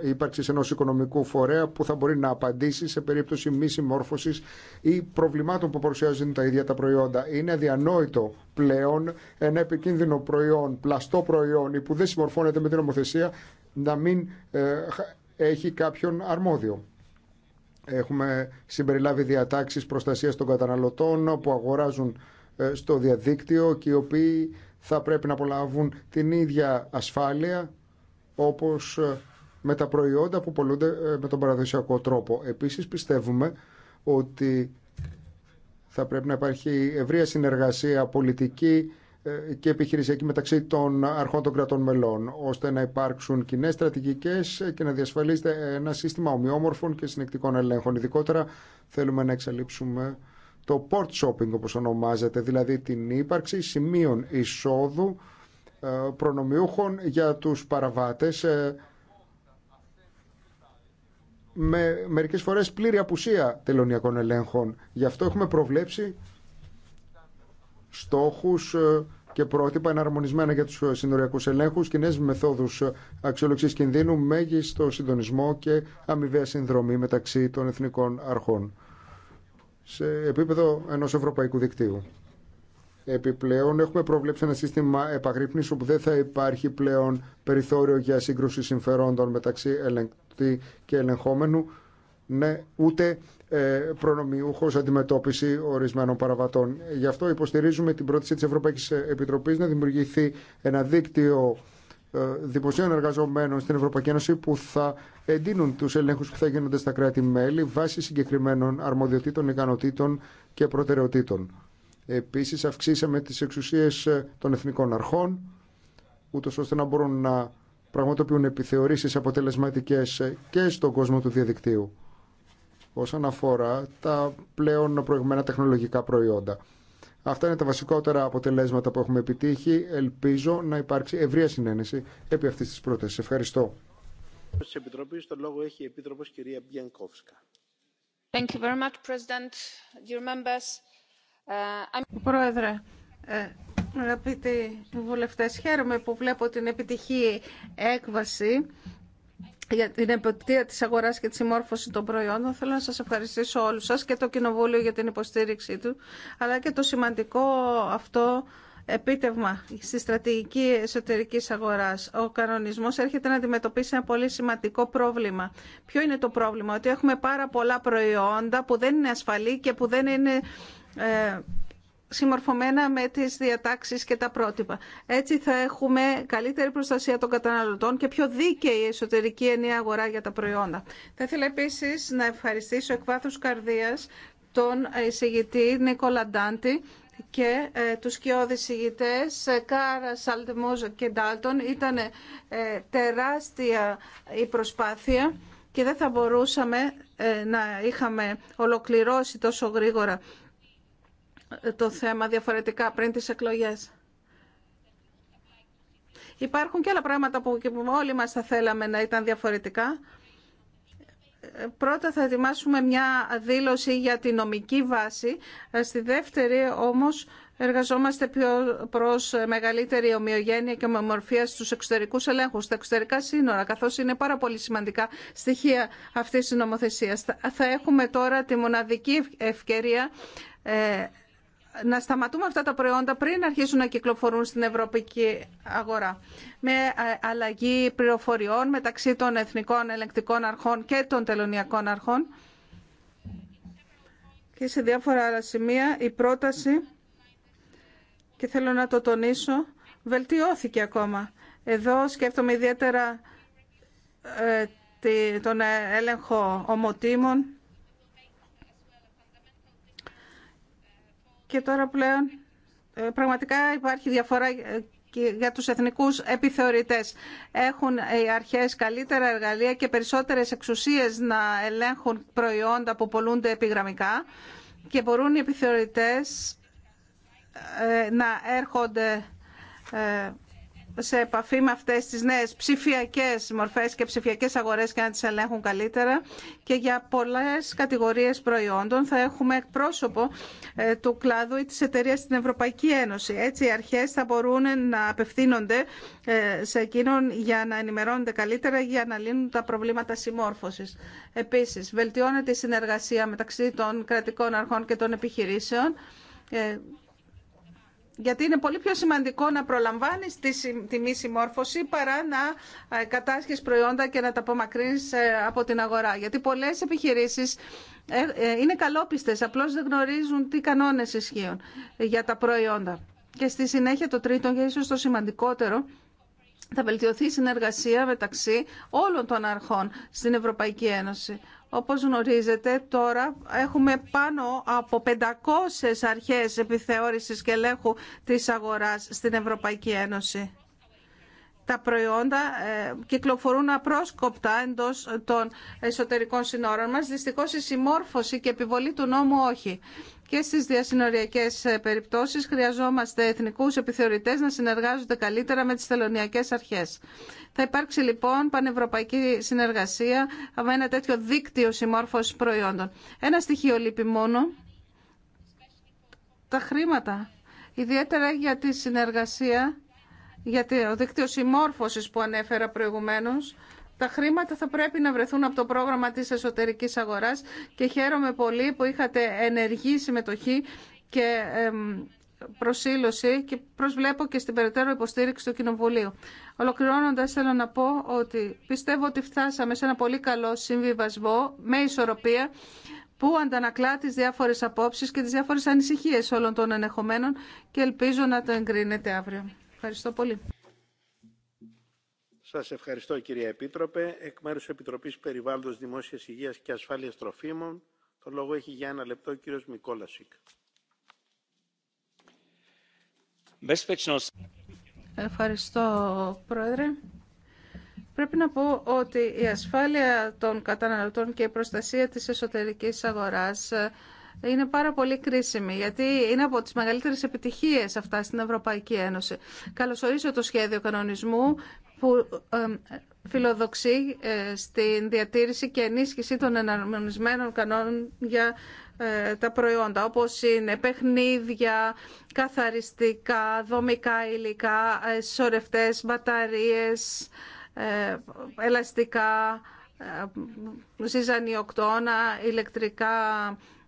ύπαρξη ενό οικονομικού φορέα που θα μπορεί να απαντήσει σε περίπτωση μη συμμόρφωση ή προβλημάτων που παρουσιάζουν τα ίδια τα προϊόντα. Είναι αδιανόητο πλέον ένα επικίνδυνο προϊόν, πλαστό προϊόν ή που δεν συμμορφώνεται με την νομοθεσία να μην ε, έχει κάποιον αρμόδιο. Έχουμε συμπεριλάβει διατάξεις προστασίας των καταναλωτών που αγοράζουν ε, στο διαδίκτυο και οι οποίοι θα πρέπει να απολαύουν την ίδια ασφάλεια όπως ε, με τα προϊόντα που πολλούνται ε, με τον παραδοσιακό τρόπο. Επίσης πιστεύουμε ότι θα πρέπει να υπάρχει ευρεία συνεργασία πολιτική ε, και επιχειρησιακή μεταξύ των αρχών των κρατών μελών, ώστε να υπάρξουν κοινέ στρατηγικέ ε, και να διασφαλίσετε ένα σύστημα ομοιόμορφων και συνεκτικών ελέγχων. Ειδικότερα θέλουμε να εξαλείψουμε το port shopping, όπως ονομάζεται, δηλαδή την ύπαρξη σημείων εισόδου προνομιούχων για τους παραβάτες με μερικές φορές πλήρη απουσία τελωνιακών ελέγχων. Γι' αυτό έχουμε προβλέψει στόχους ε, και πρότυπα εναρμονισμένα για τους ε, συνοριακούς ελέγχους, κοινέ μεθόδους ε, αξιολογήση κινδύνου, μέγιστο συντονισμό και αμοιβαία συνδρομή μεταξύ των εθνικών αρχών σε επίπεδο ενός ευρωπαϊκού δικτύου. Επιπλέον έχουμε προβλέψει ένα σύστημα επαγρύπνηση όπου δεν θα υπάρχει πλέον περιθώριο για σύγκρουση συμφερόντων μεταξύ ελεγκτή και ελεγχόμενου ναι, ούτε ε, προνομιούχος αντιμετώπιση ορισμένων παραβατών. Γι' αυτό υποστηρίζουμε την πρόταση τη Ευρωπαϊκή Επιτροπή να δημιουργηθεί ένα δίκτυο ε, δημοσίων εργαζομένων στην Ευρωπαϊκή Ένωση που θα εντείνουν του ελέγχου που θα γίνονται στα κράτη-μέλη βάσει συγκεκριμένων αρμοδιοτήτων, ικανοτήτων και προτεραιοτήτων. Επίσης αυξήσαμε τις εξουσίες ε, των εθνικών αρχών, ούτω ώστε να μπορούν να πραγματοποιούν επιθεωρήσεις αποτελεσματικές ε, και στον κόσμο του διαδικτύου όσον αφορά τα πλέον προηγμένα τεχνολογικά προϊόντα. Αυτά είναι τα βασικότερα αποτελέσματα που έχουμε επιτύχει. Ελπίζω να υπάρξει ευρεία συνένεση επί αυτής της πρότασης. Ευχαριστώ. Επιτροπή στο λόγο έχει Επίτροπος κυρία Thank you very much, President. Dear members. Ε, Πρόεδρε, ε, αγαπητοί βουλευτές, χαίρομαι που βλέπω την επιτυχή έκβαση για την επιτυχία της αγοράς και τη συμμόρφωση των προϊόντων. Θέλω να σας ευχαριστήσω όλους σας και το Κοινοβούλιο για την υποστήριξή του, αλλά και το σημαντικό αυτό επίτευγμα στη στρατηγική εσωτερικής αγοράς. Ο κανονισμός έρχεται να αντιμετωπίσει ένα πολύ σημαντικό πρόβλημα. Ποιο είναι το πρόβλημα? Ότι έχουμε πάρα πολλά προϊόντα που δεν είναι ασφαλή και που δεν είναι ε, συμμορφωμένα με τις διατάξεις και τα πρότυπα. Έτσι θα έχουμε καλύτερη προστασία των καταναλωτών και πιο δίκαιη εσωτερική ενιαία αγορά για τα προϊόντα. Θα ήθελα επίσης να ευχαριστήσω εκ βάθους καρδίας τον εισηγητή Νίκολα Ντάντη και ε, τους κοιόδης συγητές ε, Κάρα, Σαλτεμόζο και Ντάλτον. Ήταν τεράστια η προσπάθεια και δεν θα μπορούσαμε να είχαμε ολοκληρώσει τόσο γρήγορα το θέμα διαφορετικά πριν τις εκλογές. Υπάρχουν και άλλα πράγματα που όλοι μας θα θέλαμε να ήταν διαφορετικά. Πρώτα θα ετοιμάσουμε μια δήλωση για τη νομική βάση. Στη δεύτερη όμως εργαζόμαστε πιο προς μεγαλύτερη ομοιογένεια και ομορφία στους εξωτερικούς ελέγχους, στα εξωτερικά σύνορα, καθώς είναι πάρα πολύ σημαντικά στοιχεία αυτής της νομοθεσίας. Θα έχουμε τώρα τη μοναδική ευκαιρία ε, να σταματούμε αυτά τα προϊόντα πριν αρχίσουν να κυκλοφορούν στην ευρωπαϊκή αγορά. Με ε, αλλαγή πληροφοριών μεταξύ των εθνικών ελεκτικών αρχών και των τελωνιακών αρχών και σε διάφορα άλλα σημεία η πρόταση και θέλω να το τονίσω βελτιώθηκε ακόμα. Εδώ σκέφτομαι ιδιαίτερα ε, τον έλεγχο ομοτήμων Και τώρα πλέον ε, πραγματικά υπάρχει διαφορά ε, και για τους εθνικούς επιθεωρητές. Έχουν οι αρχές καλύτερα εργαλεία και περισσότερες εξουσίες να ελέγχουν προϊόντα που πολλούνται επιγραμμικά και μπορούν οι επιθεωρητές ε, να έρχονται σε επαφή με αυτές τις νέες ψηφιακές μορφές και ψηφιακές αγορές και να τις ελέγχουν καλύτερα και για πολλές κατηγορίες προϊόντων θα έχουμε εκπρόσωπο ε, του κλάδου ή της εταιρείας στην Ευρωπαϊκή Ένωση. Έτσι οι αρχές θα μπορούν να απευθύνονται ε, σε εκείνον για να ενημερώνονται καλύτερα για να λύνουν τα προβλήματα συμμόρφωσης. Επίσης, βελτιώνεται η συνεργασία μεταξύ των κρατικών αρχών και των επιχειρήσεων ε, γιατί είναι πολύ πιο σημαντικό να προλαμβάνεις τη μη συμμόρφωση παρά να ε, κατάσχεις προϊόντα και να τα απομακρύνεις ε, από την αγορά. Γιατί πολλές επιχειρήσεις ε, είναι καλόπιστες, απλώς δεν γνωρίζουν τι κανόνες ισχύουν για τα προϊόντα. Και στη συνέχεια το τρίτο και ίσως το σημαντικότερο θα βελτιωθεί η συνεργασία μεταξύ όλων των αρχών στην Ευρωπαϊκή Ένωση. Όπως γνωρίζετε, τώρα έχουμε πάνω από 500 αρχές επιθεώρησης και ελέγχου της αγοράς στην Ευρωπαϊκή Ένωση τα προϊόντα ε, κυκλοφορούν απρόσκοπτα εντός των εσωτερικών συνόρων μας. Δυστυχώς η συμμόρφωση και επιβολή του νόμου όχι. Και στις διασυνοριακές ε, περιπτώσεις χρειαζόμαστε εθνικούς επιθεωρητές να συνεργάζονται καλύτερα με τις θελωνιακές αρχές. Θα υπάρξει λοιπόν πανευρωπαϊκή συνεργασία με ένα τέτοιο δίκτυο συμμόρφωση προϊόντων. Ένα στοιχείο λείπει μόνο. Τα χρήματα. Ιδιαίτερα για τη συνεργασία γιατί ο δίκτυο συμμόρφωση που ανέφερα προηγουμένω. τα χρήματα θα πρέπει να βρεθούν από το πρόγραμμα τη εσωτερική αγορά και χαίρομαι πολύ που είχατε ενεργή συμμετοχή και προσήλωση και προσβλέπω και στην περαιτέρω υποστήριξη του Κοινοβουλίου. Ολοκληρώνοντας θέλω να πω ότι πιστεύω ότι φτάσαμε σε ένα πολύ καλό συμβιβασμό με ισορροπία που αντανακλά τις διάφορες απόψεις και τις διάφορες ανησυχίες όλων των ενεχομένων και ελπίζω να το εγκρίνετε αύριο. Ευχαριστώ πολύ. Σας ευχαριστώ κυρία Επίτροπε. Εκ μέρους Επιτροπής Περιβάλλοντος Δημόσιας Υγείας και Ασφάλειας Τροφίμων, το λόγο έχει για ένα λεπτό ο κύριος Μικόλασικ. Ευχαριστώ, Πρόεδρε. Πρέπει να πω ότι η ασφάλεια των καταναλωτών και η προστασία της εσωτερικής αγοράς είναι πάρα πολύ κρίσιμη, γιατί είναι από τις μεγαλύτερες επιτυχίες αυτά στην Ευρωπαϊκή Ένωση. Καλωσορίζω το σχέδιο κανονισμού που φιλοδοξεί ε, στην διατήρηση και ενίσχυση των εναρμονισμένων κανόνων για ε, τα προϊόντα, όπως είναι παιχνίδια, καθαριστικά, δομικά υλικά, ε, σωρευτές, μπαταρίες, ελαστικά, ζυζανιοκτώνα, ηλεκτρικά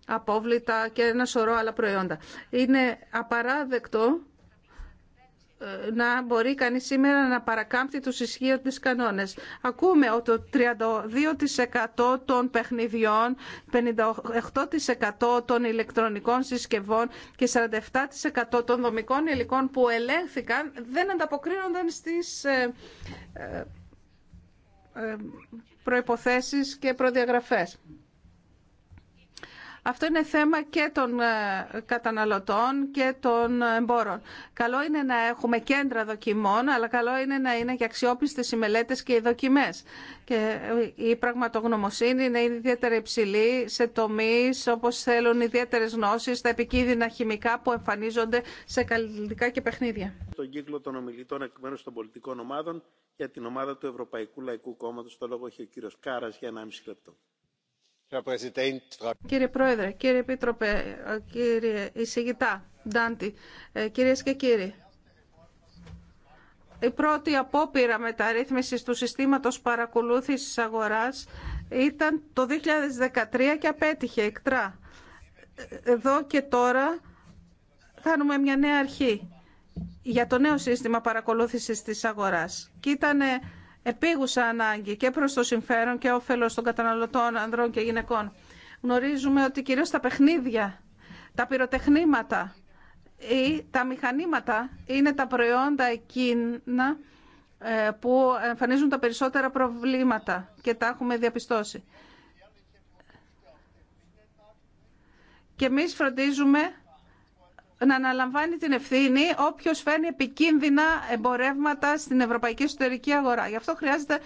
απόβλητα και ένα σωρό άλλα προϊόντα. Είναι απαράδεκτο ε, να μπορεί κανείς σήμερα να παρακάμπτει τους ισχύοντες κανόνες. Ακούμε ότι το 32% των παιχνιδιών, 58% των ηλεκτρονικών συσκευών και 47% των δομικών υλικών που ελέγχθηκαν δεν ανταποκρίνονταν στις ε, ε, προϋποθέσεις και προδιαγραφές. Αυτό είναι θέμα και των ε, καταναλωτών και των εμπόρων. Καλό είναι να έχουμε κέντρα δοκιμών, αλλά καλό είναι να είναι και αξιόπιστες οι μελέτες και οι δοκιμές. Και ε, η πραγματογνωμοσύνη είναι ιδιαίτερα υψηλή σε τομείς όπως θέλουν ιδιαίτερες γνώσεις, τα επικίνδυνα χημικά που εμφανίζονται σε καλλιτικά και παιχνίδια. Στον κύκλο των ομιλητών εκ μέρους των πολιτικών ομάδων για την ομάδα του Ευρωπαϊκού Λαϊκού Κόμματος, το λόγο έχει ο κύριος Κάρας για 1,5 λεπτό. Κύριε Πρόεδρε, κύριε Επίτροπε, ε, κύριε Ισηγητά, Ντάντι, ε, κυρίες και κύριοι. Η πρώτη απόπειρα μεταρρύθμισης του συστήματος παρακολούθησης αγοράς ήταν το 2013 και απέτυχε εκτρά. Εδώ και τώρα κάνουμε μια νέα αρχή για το νέο σύστημα παρακολούθησης της αγοράς. Και ήταν επίγουσα ανάγκη και προς το συμφέρον και όφελος των καταναλωτών ανδρών και γυναικών. Γνωρίζουμε ότι κυρίως τα παιχνίδια, τα πυροτεχνήματα ή τα μηχανήματα είναι τα προϊόντα εκείνα ε, που εμφανίζουν τα περισσότερα προβλήματα και τα έχουμε διαπιστώσει. Και εμείς φροντίζουμε να αναλαμβάνει την ευθύνη όποιο φέρνει επικίνδυνα εμπορεύματα στην ευρωπαϊκή εσωτερική αγορά. Γι' αυτό χρειάζεται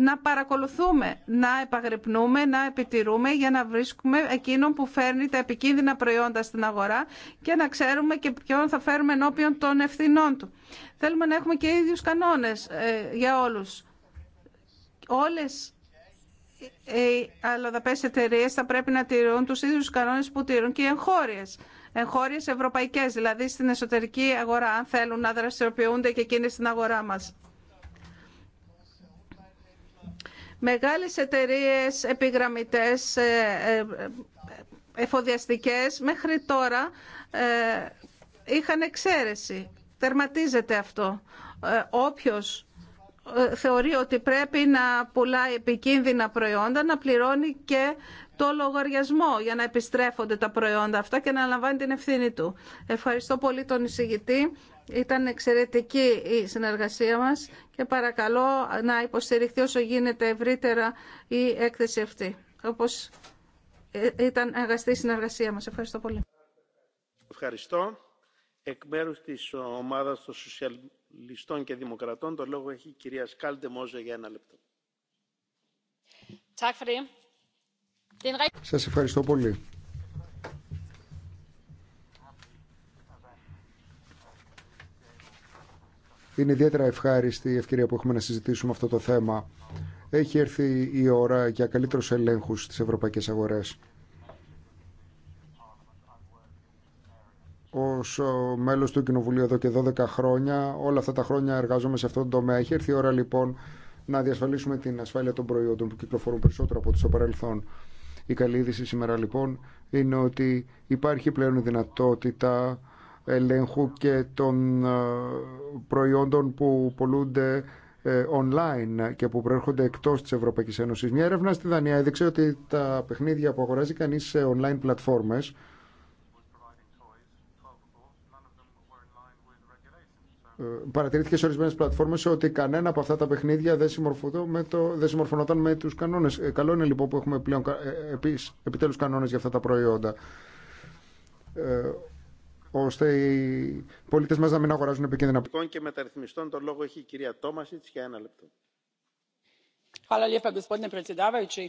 να παρακολουθούμε, να επαγρυπνούμε, να επιτηρούμε για να βρίσκουμε εκείνον που φέρνει τα επικίνδυνα προϊόντα στην αγορά και να ξέρουμε και ποιον θα φέρουμε ενώπιον των ευθυνών του. Θέλουμε να έχουμε και ίδιου κανόνε ε, για όλου. Όλε οι αλλοδαπέ εταιρείε θα πρέπει να τηρούν του ίδιου κανόνε που τηρούν και οι εγχώριε. Ε, χώρες ευρωπαϊκές, δηλαδή στην εσωτερική αγορά, αν θέλουν να δραστηριοποιούνται και εκείνες στην αγορά μας. Μεγάλες εταιρείες, επιγραμμητές, ε, ε, εφοδιαστικές, μέχρι τώρα είχαν εξαίρεση. Τερματίζεται αυτό. Όποιος θεωρεί ότι πρέπει να πουλάει επικίνδυνα προϊόντα, να πληρώνει και το λογαριασμό για να επιστρέφονται τα προϊόντα αυτά και να λαμβάνει την ευθύνη του. Ευχαριστώ πολύ τον εισηγητή. Ήταν εξαιρετική η συνεργασία μας και παρακαλώ να υποστηριχθεί όσο γίνεται ευρύτερα η έκθεση αυτή. Όπως ήταν αγαστή η συνεργασία μας. Ευχαριστώ πολύ. Ευχαριστώ. Εκ μέρους της ομάδας Λιστών και Δημοκρατών. Το λόγο έχει η κυρία Σκάλντε Μόζε για ένα λεπτό. Σας ευχαριστώ πολύ. Είναι ιδιαίτερα ευχάριστη η ευκαιρία που έχουμε να συζητήσουμε αυτό το θέμα. Έχει έρθει η ώρα για καλύτερους ελέγχους στις ευρωπαϊκές αγορές. Ω ε, μέλο του Κοινοβουλίου εδώ και 12 χρόνια. Όλα αυτά τα χρόνια εργάζομαι σε αυτόν τον τομέα. Έχει έρθει η ώρα λοιπόν να διασφαλίσουμε την ασφάλεια των προϊόντων που κυκλοφορούν περισσότερο από ό,τι στο παρελθόν. Η καλή είδηση σήμερα λοιπόν είναι ότι υπάρχει πλέον δυνατότητα ελέγχου και των ε, προϊόντων που πολλούνται ε, online και που προέρχονται εκτός της Ευρωπαϊκής Ένωσης. Μια έρευνα στη Δανία έδειξε ότι τα παιχνίδια που αγοράζει κανείς σε online πλατφόρμες παρατηρήθηκε σε ορισμένε πλατφόρμε ότι κανένα από αυτά τα παιχνίδια δεν, με το, δεν συμμορφωνόταν με του κανόνε. Ε, καλό είναι λοιπόν που έχουμε πλέον ε, ε, επιτέλου κανόνε για αυτά τα προϊόντα. Ε, ώστε οι πολίτε μα να μην αγοράζουν επικίνδυνα. και μεταρρυθμιστών, τον λόγο έχει η κυρία Τόμασιτ για ένα λεπτό. Hvala lijepa gospodine predsjedavajući.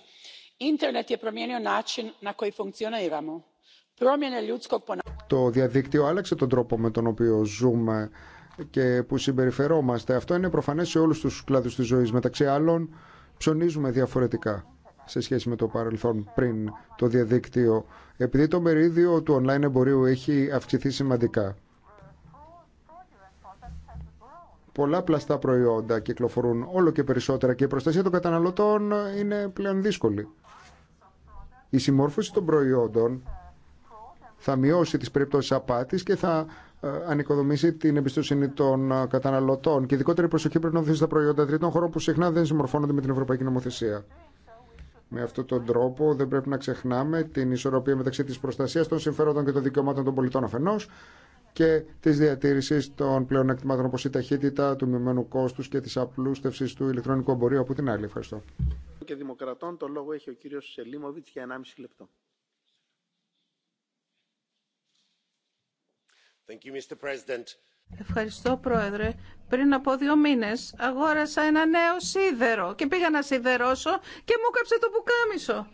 Internet je promijenio način na koji funkcioniramo. Promjene ljudskog ponašanja. To diadiktio άλλαξε to dropo me τον οποίο ζούμε και που συμπεριφερόμαστε. Αυτό είναι προφανές σε όλους τους κλάδους της ζωής. Μεταξύ άλλων ψωνίζουμε διαφορετικά σε σχέση με το παρελθόν πριν το διαδίκτυο. Επειδή το μερίδιο του online εμπορίου έχει αυξηθεί σημαντικά. Πολλά πλαστά προϊόντα κυκλοφορούν όλο και περισσότερα και η προστασία των καταναλωτών είναι πλέον δύσκολη. Η συμμόρφωση των προϊόντων θα μειώσει τις περιπτώσεις απάτης και θα ε, ανοικοδομήσει την εμπιστοσύνη των ε, καταναλωτών. Και ειδικότερη προσοχή πρέπει να δοθεί στα προϊόντα τρίτων χωρών που συχνά δεν συμμορφώνονται με την Ευρωπαϊκή Νομοθεσία. Με αυτόν τον τρόπο δεν πρέπει να ξεχνάμε την ισορροπία μεταξύ τη προστασία των συμφέροντων και των δικαιωμάτων των πολιτών αφενό και τη διατήρηση των πλέον εκτιμάτων όπω η ταχύτητα, του μειωμένου κόστου και τη απλούστευση του ηλεκτρονικού εμπορίου από την άλλη. Ευχαριστώ. Και δημοκρατών, το λόγο έχει ο κύριος για 1,5 λεπτό. Ευχαριστώ, Πρόεδρε. Πριν από δύο μήνες αγόρασα ένα νέο σίδερο και πήγα να σιδερώσω και μου κάψε το πουκάμισο.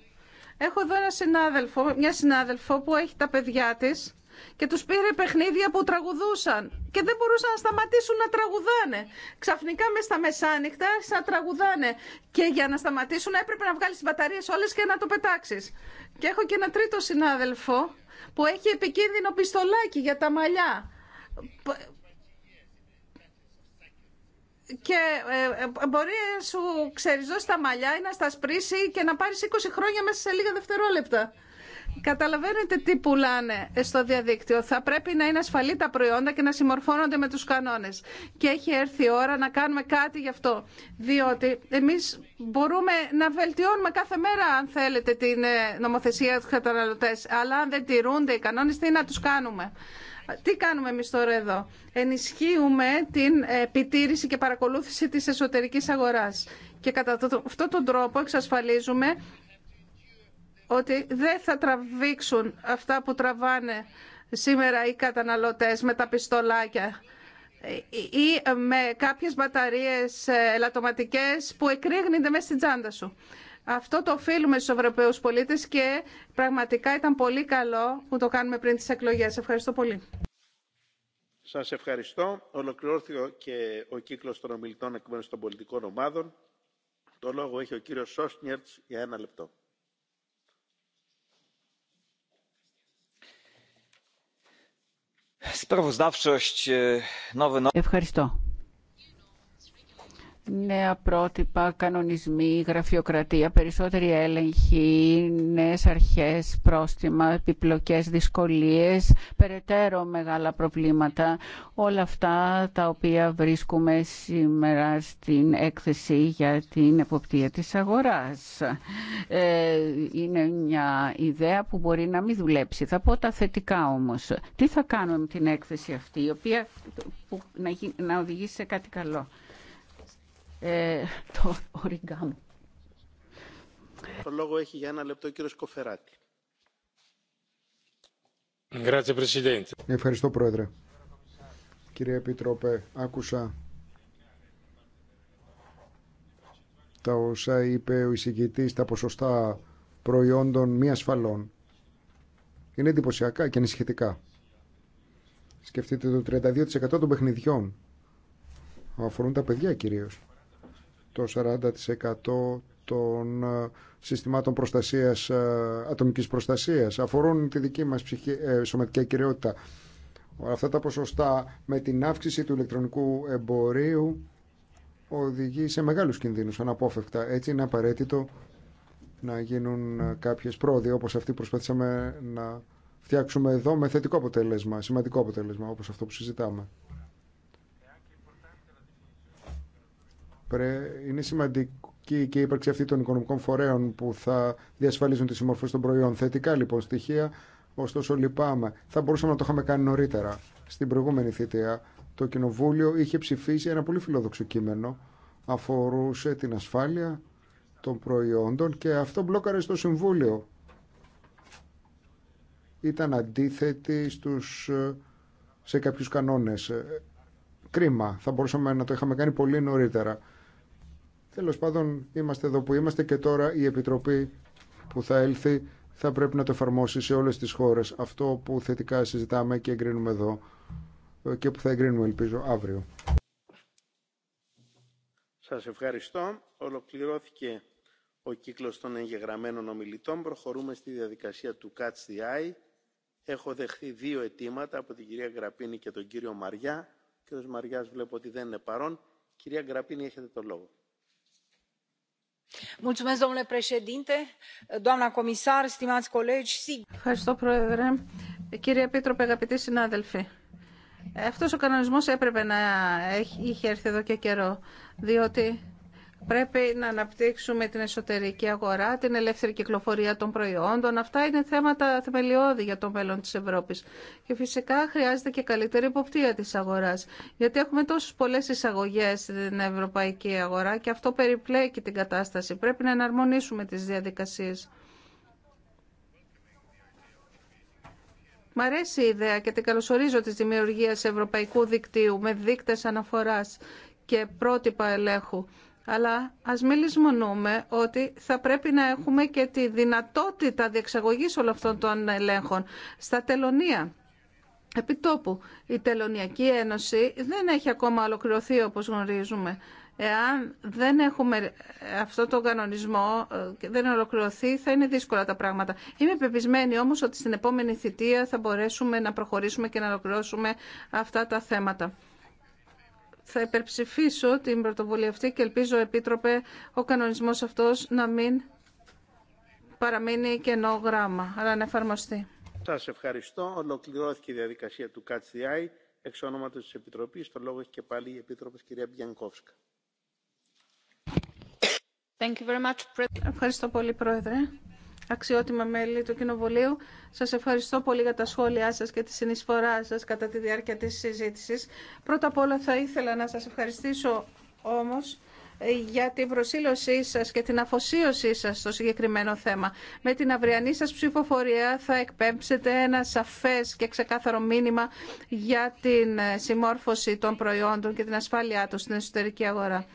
Έχω εδώ ένα συνάδελφο, μια συνάδελφο που έχει τα παιδιά της και τους πήρε παιχνίδια που τραγουδούσαν και δεν μπορούσαν να σταματήσουν να τραγουδάνε. Ξαφνικά με στα μεσάνυχτα άρχισαν να τραγουδάνε και για να σταματήσουν έπρεπε να βγάλεις τις μπαταρίες όλες και να το πετάξεις. Και έχω και ένα τρίτο συνάδελφο που έχει επικίνδυνο πιστολάκι για τα μαλλιά και ε, ε, μπορεί να σου ξεριζώσει τα μαλλιά ή να στα σπρίσει και να πάρεις 20 χρόνια μέσα σε λίγα δευτερόλεπτα. Καταλαβαίνετε τι πουλάνε στο διαδίκτυο. Θα πρέπει να είναι ασφαλή τα προϊόντα και να συμμορφώνονται με τους κανόνες. Και έχει έρθει η ώρα να κάνουμε κάτι γι' αυτό. Διότι εμείς μπορούμε να βελτιώνουμε κάθε μέρα, αν θέλετε, την ε, νομοθεσία του καταναλωτέ. Αλλά αν δεν τηρούνται οι κανόνες, τι να τους κάνουμε. Τι κάνουμε εμείς τώρα εδώ. Ενισχύουμε την επιτήρηση και παρακολούθηση της εσωτερικής αγοράς. Και κατά αυτόν τον τρόπο εξασφαλίζουμε ότι δεν θα τραβήξουν αυτά που τραβάνε σήμερα οι καταναλωτές με τα πιστολάκια ή με κάποιες μπαταρίες ε, ελαττωματικές που εκρήγνεται μέσα στην τσάντα σου. Αυτό το οφείλουμε στους Ευρωπαίους πολίτες και πραγματικά ήταν πολύ καλό που το κάνουμε πριν τις εκλογές. Ευχαριστώ πολύ. Σας ευχαριστώ. Ολοκληρώθηκε και ο κύκλος των ομιλητών εκ των πολιτικών ομάδων. Το λόγο έχει ο κύριος Σόσνιερτς για ένα λεπτό. sprawozdawczość nowy nordek νέα πρότυπα, κανονισμοί, γραφειοκρατία, περισσότερη έλεγχη, νέες αρχές, πρόστιμα, επιπλοκές, δυσκολίες, περαιτέρω μεγάλα προβλήματα. Όλα αυτά τα οποία βρίσκουμε σήμερα στην έκθεση για την εποπτεία της αγοράς. Ε, είναι μια ιδέα που μπορεί να μην δουλέψει. Θα πω τα θετικά όμως. Τι θα κάνουμε με την έκθεση αυτή, η οποία να οδηγήσει σε κάτι καλό ε, το οριγκάμι. Το λόγο έχει για ένα λεπτό ο κύριος Κοφεράτη. Ευχαριστώ Πρόεδρε. Κύριε Επιτρόπε, άκουσα τα όσα είπε ο εισηγητής, τα ποσοστά προϊόντων μη ασφαλών. Είναι εντυπωσιακά και ανησυχητικά. Σκεφτείτε το 32% των παιχνιδιών αφορούν τα παιδιά κυρίως το 40% των ε, συστημάτων προστασίας, ε, ατομικής προστασίας. Αφορούν τη δική μας ψυχή, ε, σωματική κυριότητα Αυτά τα ποσοστά με την αύξηση του ηλεκτρονικού εμπορίου οδηγεί σε μεγάλους κινδύνους αναπόφευκτα. Έτσι είναι απαραίτητο να γίνουν κάποιες πρόοδοι όπως αυτή που προσπαθήσαμε να φτιάξουμε εδώ με θετικό αποτέλεσμα, σημαντικό αποτέλεσμα όπως αυτό που συζητάμε. Είναι σημαντική και η ύπαρξη αυτή των οικονομικών φορέων που θα διασφαλίζουν τη συμμορφώση των προϊόντων Θετικά λοιπόν στοιχεία, ωστόσο λυπάμαι. Θα μπορούσαμε να το είχαμε κάνει νωρίτερα. Στην προηγούμενη θητεία το Κοινοβούλιο είχε ψηφίσει ένα πολύ φιλόδοξο κείμενο αφορούσε την ασφάλεια των προϊόντων και αυτό μπλόκαρε στο Συμβούλιο. Ήταν αντίθετη στους, σε κάποιους κανόνες. Κρίμα, θα μπορούσαμε να το είχαμε κάνει πολύ νωρίτερα. Τέλο πάντων, είμαστε εδώ που είμαστε και τώρα η Επιτροπή που θα έλθει θα πρέπει να το εφαρμόσει σε όλε τι χώρε. Αυτό που θετικά συζητάμε και εγκρίνουμε εδώ και που θα εγκρίνουμε, ελπίζω, αύριο. Σα ευχαριστώ. Ολοκληρώθηκε ο κύκλο των εγγεγραμμένων ομιλητών. Προχωρούμε στη διαδικασία του Catch the Eye. Έχω δεχθεί δύο αιτήματα από την κυρία Γραπίνη και τον κύριο Μαριά. Ο Μαριά Μαριάς βλέπω ότι δεν είναι παρόν. Κυρία Γραπίνη, έχετε το λόγο. Ευχαριστώ, Πρόεδρε. Κύριε Επίτροπε, αγαπητοί συνάδελφοι. Αυτός ο κανονισμός έπρεπε να είχε έρθει εδώ και καιρό, διότι Πρέπει να αναπτύξουμε την εσωτερική αγορά, την ελεύθερη κυκλοφορία των προϊόντων. Αυτά είναι θέματα θεμελιώδη για το μέλλον της Ευρώπης. Και φυσικά χρειάζεται και καλύτερη υποπτία της αγοράς. Γιατί έχουμε τόσες πολλές εισαγωγές στην ευρωπαϊκή αγορά και αυτό περιπλέκει την κατάσταση. Πρέπει να εναρμονίσουμε τις διαδικασίες. Μ' αρέσει η ιδέα και την καλωσορίζω της δημιουργίας ευρωπαϊκού δικτύου με δείκτε αναφοράς και πρότυπα ελέγχου αλλά ας μην λησμονούμε ότι θα πρέπει να έχουμε και τη δυνατότητα διεξαγωγής όλων αυτών των ελέγχων στα τελωνία. Επιτόπου, η Τελωνιακή Ένωση δεν έχει ακόμα ολοκληρωθεί όπως γνωρίζουμε. Εάν δεν έχουμε αυτό τον κανονισμό και ε, δεν ολοκληρωθεί, θα είναι δύσκολα τα πράγματα. Είμαι πεπισμένη όμως ότι στην επόμενη θητεία θα μπορέσουμε να προχωρήσουμε και να ολοκληρώσουμε αυτά τα θέματα. Θα υπερψηφίσω την πρωτοβουλία αυτή και ελπίζω, Επίτροπε, ο κανονισμός αυτός να μην παραμείνει κενό γράμμα, αλλά να εφαρμοστεί. Σας ευχαριστώ. Ολοκληρώθηκε η διαδικασία του ΚΑΤΣΔΙ. Εξ ονόματος της Επιτροπής, το λόγο έχει και πάλι η Επίτροπος κυρία Μπιανκόφσκα. Ευχαριστώ πολύ, Πρόεδρε αξιότιμα μέλη του Κοινοβουλίου. Σας ευχαριστώ πολύ για τα σχόλιά σας και τη συνεισφορά σας κατά τη διάρκεια της συζήτησης. Πρώτα απ' όλα θα ήθελα να σας ευχαριστήσω όμως για την προσήλωσή σας και την αφοσίωσή σας στο συγκεκριμένο θέμα. Με την αυριανή σας ψηφοφορία θα εκπέμψετε ένα σαφές και ξεκάθαρο μήνυμα για την συμμόρφωση των προϊόντων και την ασφάλειά τους στην εσωτερική αγορά.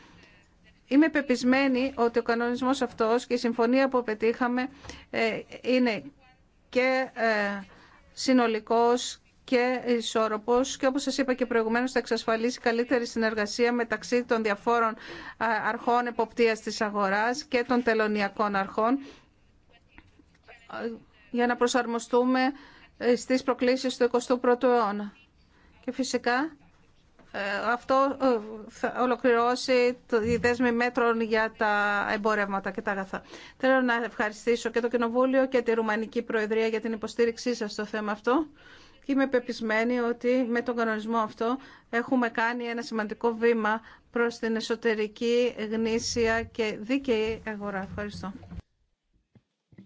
Είμαι πεπισμένη ότι ο κανονισμός αυτός και η συμφωνία που πετύχαμε ε, είναι και ε, συνολικός και ισόρροπος και όπως σας είπα και προηγουμένως θα εξασφαλίσει καλύτερη συνεργασία μεταξύ των διαφόρων αρχών εποπτείας της αγοράς και των τελωνιακών αρχών ε, για να προσαρμοστούμε στις προκλήσεις του 21ου αιώνα. Και φυσικά ε, αυτό ε, θα ολοκληρώσει τη δέσμη μέτρων για τα εμπορεύματα και τα αγαθά. Θέλω να ευχαριστήσω και το Κοινοβούλιο και τη Ρουμανική Προεδρία για την υποστήριξή σας στο θέμα αυτό. είμαι πεπισμένη ότι με τον κανονισμό αυτό έχουμε κάνει ένα σημαντικό βήμα προς την εσωτερική γνήσια και δίκαιη αγορά. Ευχαριστώ.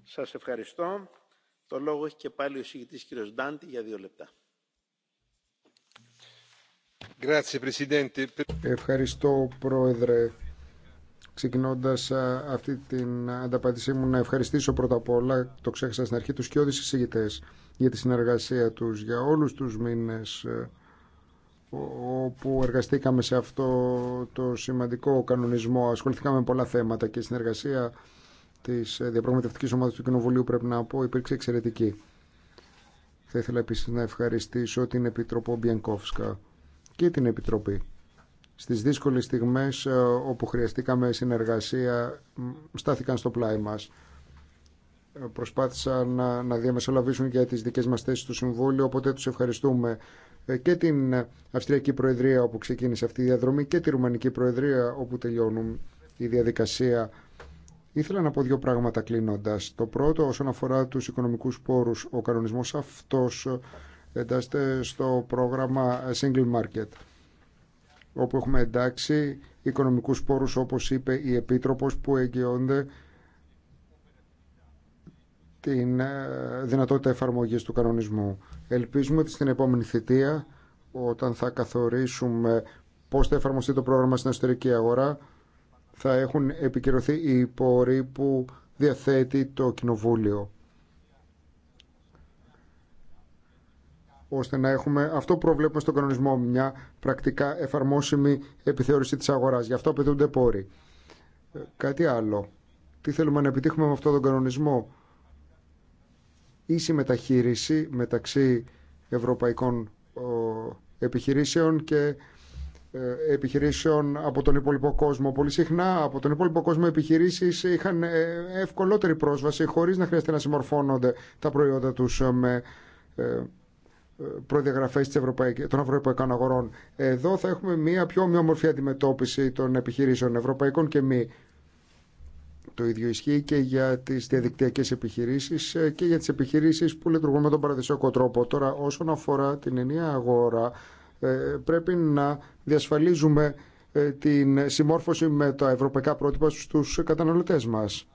Σας ευχαριστώ. Το λόγο έχει και πάλι ο συγητής κ. Ντάντη για δύο λεπτά. Ευχαριστώ, Πρόεδρε. Ξεκινώντα αυτή την ανταπάντησή μου, να ευχαριστήσω πρώτα απ' όλα, το ξέχασα στην αρχή, του τους εισηγητέ για τη συνεργασία του για όλου του μήνε ε, όπου εργαστήκαμε σε αυτό το σημαντικό κανονισμό. Ασχοληθήκαμε με πολλά θέματα και η συνεργασία τη ε, διαπραγματευτική ομάδα του Κοινοβουλίου, πρέπει να πω, υπήρξε εξαιρετική. Θα ήθελα επίση να ευχαριστήσω την Επίτροπο Μπιενκόφσκα και την Επιτροπή στις δύσκολες στιγμές ε, όπου χρειαστήκαμε συνεργασία στάθηκαν στο πλάι μας ε, προσπάθησαν να, να διαμεσολαβήσουν για τις δικές μας θέσεις του Συμβούλιο οπότε τους ευχαριστούμε ε, και την Αυστριακή Προεδρία όπου ξεκίνησε αυτή η διαδρομή και τη Ρουμανική Προεδρία όπου τελειώνουν η διαδικασία Ήθελα να πω δύο πράγματα κλείνοντας. Το πρώτο όσον αφορά τους οικονομικούς πόρους, ο κανονισμός αυτός εντάσσεται στο πρόγραμμα Single Market όπου έχουμε εντάξει οικονομικούς πόρους όπως είπε η Επίτροπος που εγγυώνται την ε, δυνατότητα εφαρμογής του κανονισμού. Ελπίζουμε ότι στην επόμενη θητεία όταν θα καθορίσουμε πώς θα εφαρμοστεί το πρόγραμμα στην εσωτερική αγορά θα έχουν επικυρωθεί οι πόροι που διαθέτει το Κοινοβούλιο ώστε να έχουμε αυτό που προβλέπουμε στον κανονισμό, μια πρακτικά εφαρμόσιμη επιθεώρηση της αγοράς. Γι' αυτό απαιτούνται πόροι. Ε, κάτι άλλο. Τι θέλουμε να επιτύχουμε με αυτόν τον κανονισμό. Ίση μεταχείριση μεταξύ ευρωπαϊκών επιχειρήσεων και ε, επιχειρήσεων από τον υπόλοιπο κόσμο. Πολύ συχνά από τον υπόλοιπο κόσμο επιχειρήσει είχαν ε, ευκολότερη πρόσβαση χωρί να χρειάζεται να συμμορφώνονται τα προϊόντα του με προδιαγραφέ των ευρωπαϊκών αγορών. Εδώ θα έχουμε μια πιο ομοιόμορφη αντιμετώπιση των επιχειρήσεων ευρωπαϊκών και μη. Το ίδιο ισχύει και για τι διαδικτυακέ επιχειρήσει ε, και για τι επιχειρήσει που λειτουργούν με τον παραδοσιακό τρόπο. Τώρα, όσον αφορά την ενιαία αγορά, ε, πρέπει να διασφαλίζουμε ε, την συμμόρφωση με τα ευρωπαϊκά πρότυπα στους καταναλωτές μας.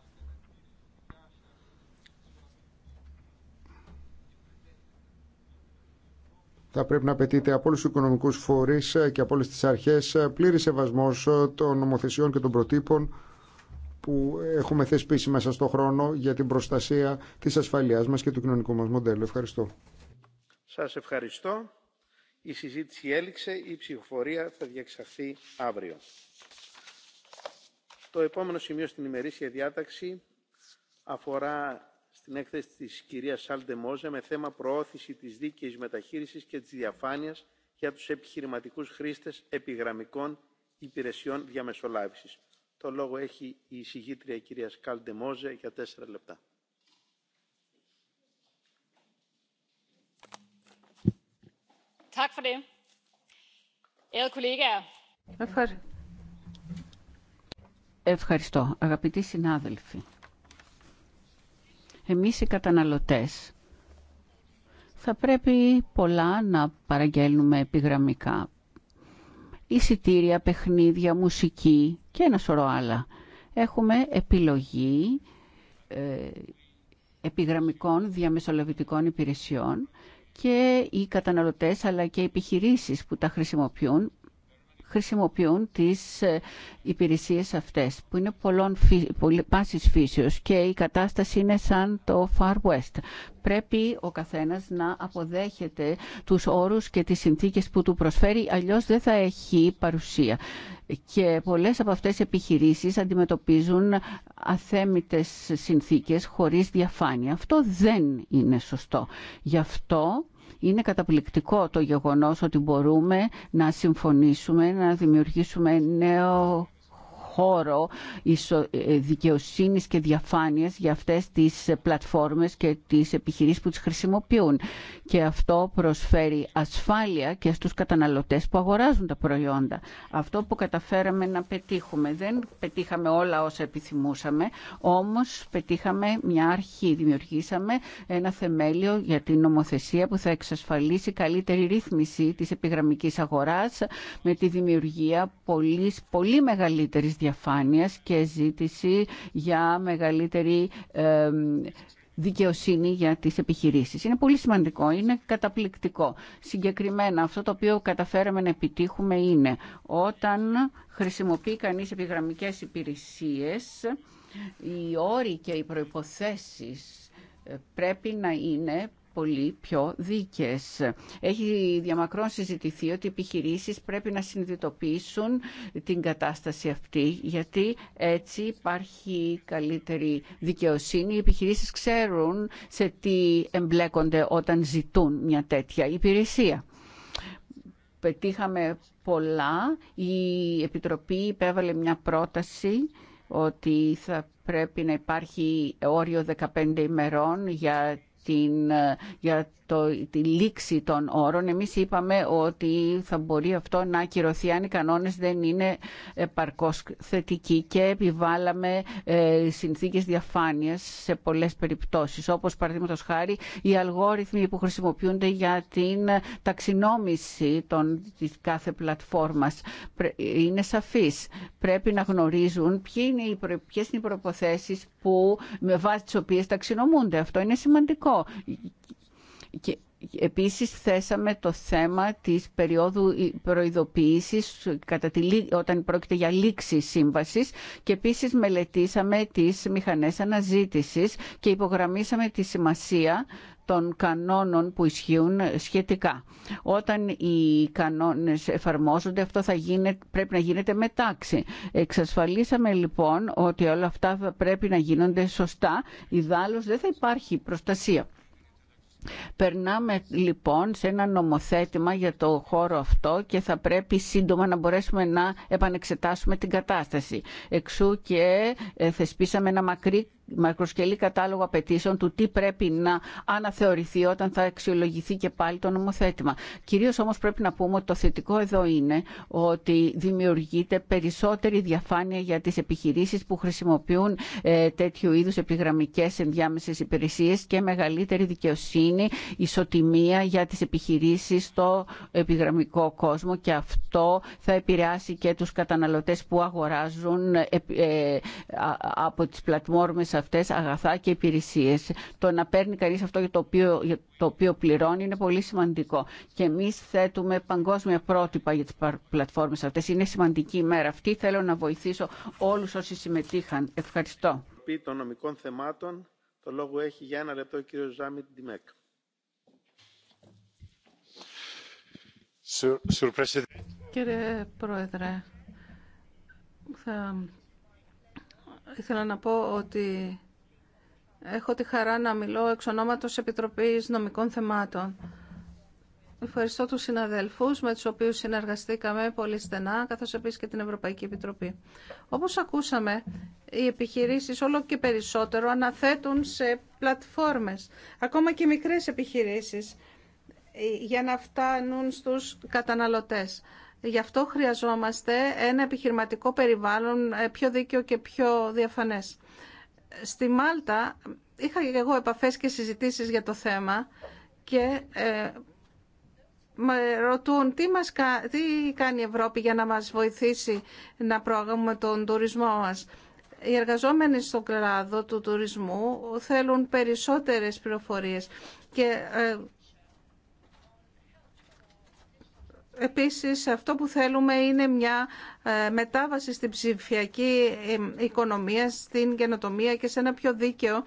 θα πρέπει να απαιτείται από όλου του οικονομικού φορεί και από όλε τι αρχέ πλήρη σεβασμό των νομοθεσιών και των προτύπων που έχουμε θεσπίσει μέσα στον χρόνο για την προστασία τη ασφαλεία μα και του κοινωνικού μα μοντέλου. Ευχαριστώ. Σα ευχαριστώ. Η συζήτηση έληξε. Η ψηφοφορία θα διεξαχθεί αύριο. Το επόμενο σημείο στην ημερήσια διάταξη αφορά στην έκθεση της κυρίας Σάλντε Μόζε με θέμα προώθηση της δίκαιης μεταχείρισης και της διαφάνειας για τους επιχειρηματικούς χρήστες επιγραμμικών υπηρεσιών διαμεσολάβησης. Το λόγο έχει η εισηγήτρια κυρία Σκάλντε Μόζε για τέσσερα λεπτά. Ευχαριστώ, αγαπητοί συνάδελφοι. Εμείς οι καταναλωτές θα πρέπει πολλά να παραγγέλνουμε επιγραμμικά. Εισιτήρια, παιχνίδια, μουσική και ένα σωρό άλλα. Έχουμε επιλογή ε, επιγραμμικών διαμεσολαβητικών υπηρεσιών και οι καταναλωτές αλλά και οι επιχειρήσεις που τα χρησιμοποιούν χρησιμοποιούν τις ε, υπηρεσίες αυτές που είναι πολλών πάσης φύσεως και η κατάσταση είναι σαν το Far West. Πρέπει ο καθένας να αποδέχεται τους όρους και τις συνθήκες που του προσφέρει, αλλιώς δεν θα έχει παρουσία. Και πολλές από αυτές οι επιχειρήσεις αντιμετωπίζουν αθέμητες συνθήκες χωρίς διαφάνεια. Αυτό δεν είναι σωστό. Γι' αυτό είναι καταπληκτικό το γεγονός ότι μπορούμε να συμφωνήσουμε, να δημιουργήσουμε νέο χώρο ε, δικαιοσύνης και διαφάνειας για αυτές τις πλατφόρμες και τις επιχειρήσεις που τις χρησιμοποιούν. Και αυτό προσφέρει ασφάλεια και στους καταναλωτές που αγοράζουν τα προϊόντα. Αυτό που καταφέραμε να πετύχουμε. Δεν πετύχαμε όλα όσα επιθυμούσαμε, όμως πετύχαμε μια αρχή. Δημιουργήσαμε ένα θεμέλιο για την νομοθεσία που θα εξασφαλίσει καλύτερη ρύθμιση της επιγραμμικής αγοράς με τη δημιουργία πολύ, πολύ μεγαλύτερης διαφάνειας και ζήτηση για μεγαλύτερη δικαιοσύνη για τις επιχειρήσεις. Είναι πολύ σημαντικό, είναι καταπληκτικό. Συγκεκριμένα αυτό το οποίο καταφέραμε να επιτύχουμε είναι όταν χρησιμοποιεί κανείς επιγραμμικές υπηρεσίες, οι όροι και οι προϋποθέσεις ε, πρέπει να είναι πολύ πιο δίκαιες. Έχει διαμακρόν συζητηθεί ότι οι επιχειρήσεις πρέπει να συνειδητοποιήσουν την κατάσταση αυτή, γιατί έτσι υπάρχει καλύτερη δικαιοσύνη. Οι επιχειρήσεις ξέρουν σε τι εμπλέκονται όταν ζητούν μια τέτοια υπηρεσία. Πετύχαμε πολλά. Η Επιτροπή υπέβαλε μια πρόταση ότι θα πρέπει να υπάρχει όριο 15 ημερών για την, ε, για τη λήξη των όρων. Εμείς είπαμε ότι θα μπορεί αυτό να ακυρωθεί αν οι κανόνες δεν είναι παρκώς θετικοί και επιβάλαμε ε, συνθήκες διαφάνειας σε πολλές περιπτώσεις όπως παραδείγματο χάρη οι αλγόριθμοι που χρησιμοποιούνται για την ταξινόμηση των, της κάθε πλατφόρμας είναι σαφής. Πρέπει να γνωρίζουν ποιες είναι οι προποθέσει που με βάση τις οποίες ταξινομούνται. Αυτό είναι σημαντικό επίσης θέσαμε το θέμα της περίοδου προειδοποίησης κατά τη, όταν πρόκειται για λήξη σύμβασης και επίσης μελετήσαμε τις μηχανές αναζήτησης και υπογραμμίσαμε τη σημασία των κανόνων που ισχύουν σχετικά. Όταν οι κανόνες εφαρμόζονται αυτό θα γίνεται, πρέπει να γίνεται με τάξη. Εξασφαλίσαμε λοιπόν ότι όλα αυτά πρέπει να γίνονται σωστά, ιδάλλως δεν θα υπάρχει προστασία. Περνάμε λοιπόν σε ένα νομοθέτημα για το χώρο αυτό και θα πρέπει σύντομα να μπορέσουμε να επανεξετάσουμε την κατάσταση. Εξού και ε, θεσπίσαμε ένα μακρύ μακροσκελή κατάλογο απαιτήσεων του τι πρέπει να αναθεωρηθεί όταν θα αξιολογηθεί και πάλι το νομοθέτημα. Κυρίως όμως πρέπει να πούμε ότι το θετικό εδώ είναι ότι δημιουργείται περισσότερη διαφάνεια για τις επιχειρήσεις που χρησιμοποιούν ε, τέτοιου είδους επιγραμμικές ενδιάμεσες υπηρεσίες και μεγαλύτερη δικαιοσύνη, ισοτιμία για τις επιχειρήσεις στο επιγραμμικό κόσμο και αυτό θα επηρεάσει και τους καταναλωτές που αγοράζουν ε, ε, από τις πλατφόρμες Αυτέ αγαθά και υπηρεσίε. Το να παίρνει κανεί αυτό για το οποίο, το οποίο πληρώνει είναι πολύ σημαντικό. Και εμεί θέτουμε παγκόσμια πρότυπα για τις πλατφόρμες αυτές. Είναι σημαντική ημέρα αυτή. Θέλω να βοηθήσω όλους όσοι συμμετείχαν. Ευχαριστώ. Των νομικών θεμάτων, το λόγο έχει για ένα λεπτό ο Κύριε Πρόεδρε, θα ήθελα να πω ότι έχω τη χαρά να μιλώ εξ ονόματος Επιτροπής Νομικών Θεμάτων. Ευχαριστώ τους συναδέλφους με τους οποίους συνεργαστήκαμε πολύ στενά, καθώς επίσης και την Ευρωπαϊκή Επιτροπή. Όπως ακούσαμε, οι επιχειρήσεις όλο και περισσότερο αναθέτουν σε πλατφόρμες, ακόμα και μικρές επιχειρήσεις, ε, για να φτάνουν στους καταναλωτές. Γι' αυτό χρειαζόμαστε ένα επιχειρηματικό περιβάλλον ε, πιο δίκαιο και πιο διαφανές. Στη Μάλτα είχα και εγώ επαφές και συζητήσεις για το θέμα και ε, με ρωτούν τι, μας, κάνει η Ευρώπη για να μας βοηθήσει να προαγούμε τον τουρισμό μας. Οι εργαζόμενοι στον κλάδο του τουρισμού θέλουν περισσότερες πληροφορίες και ε, Επίσης, αυτό που θέλουμε είναι μια ε, μετάβαση στην ψηφιακή ε, οικονομία, στην καινοτομία και σε ένα πιο δίκαιο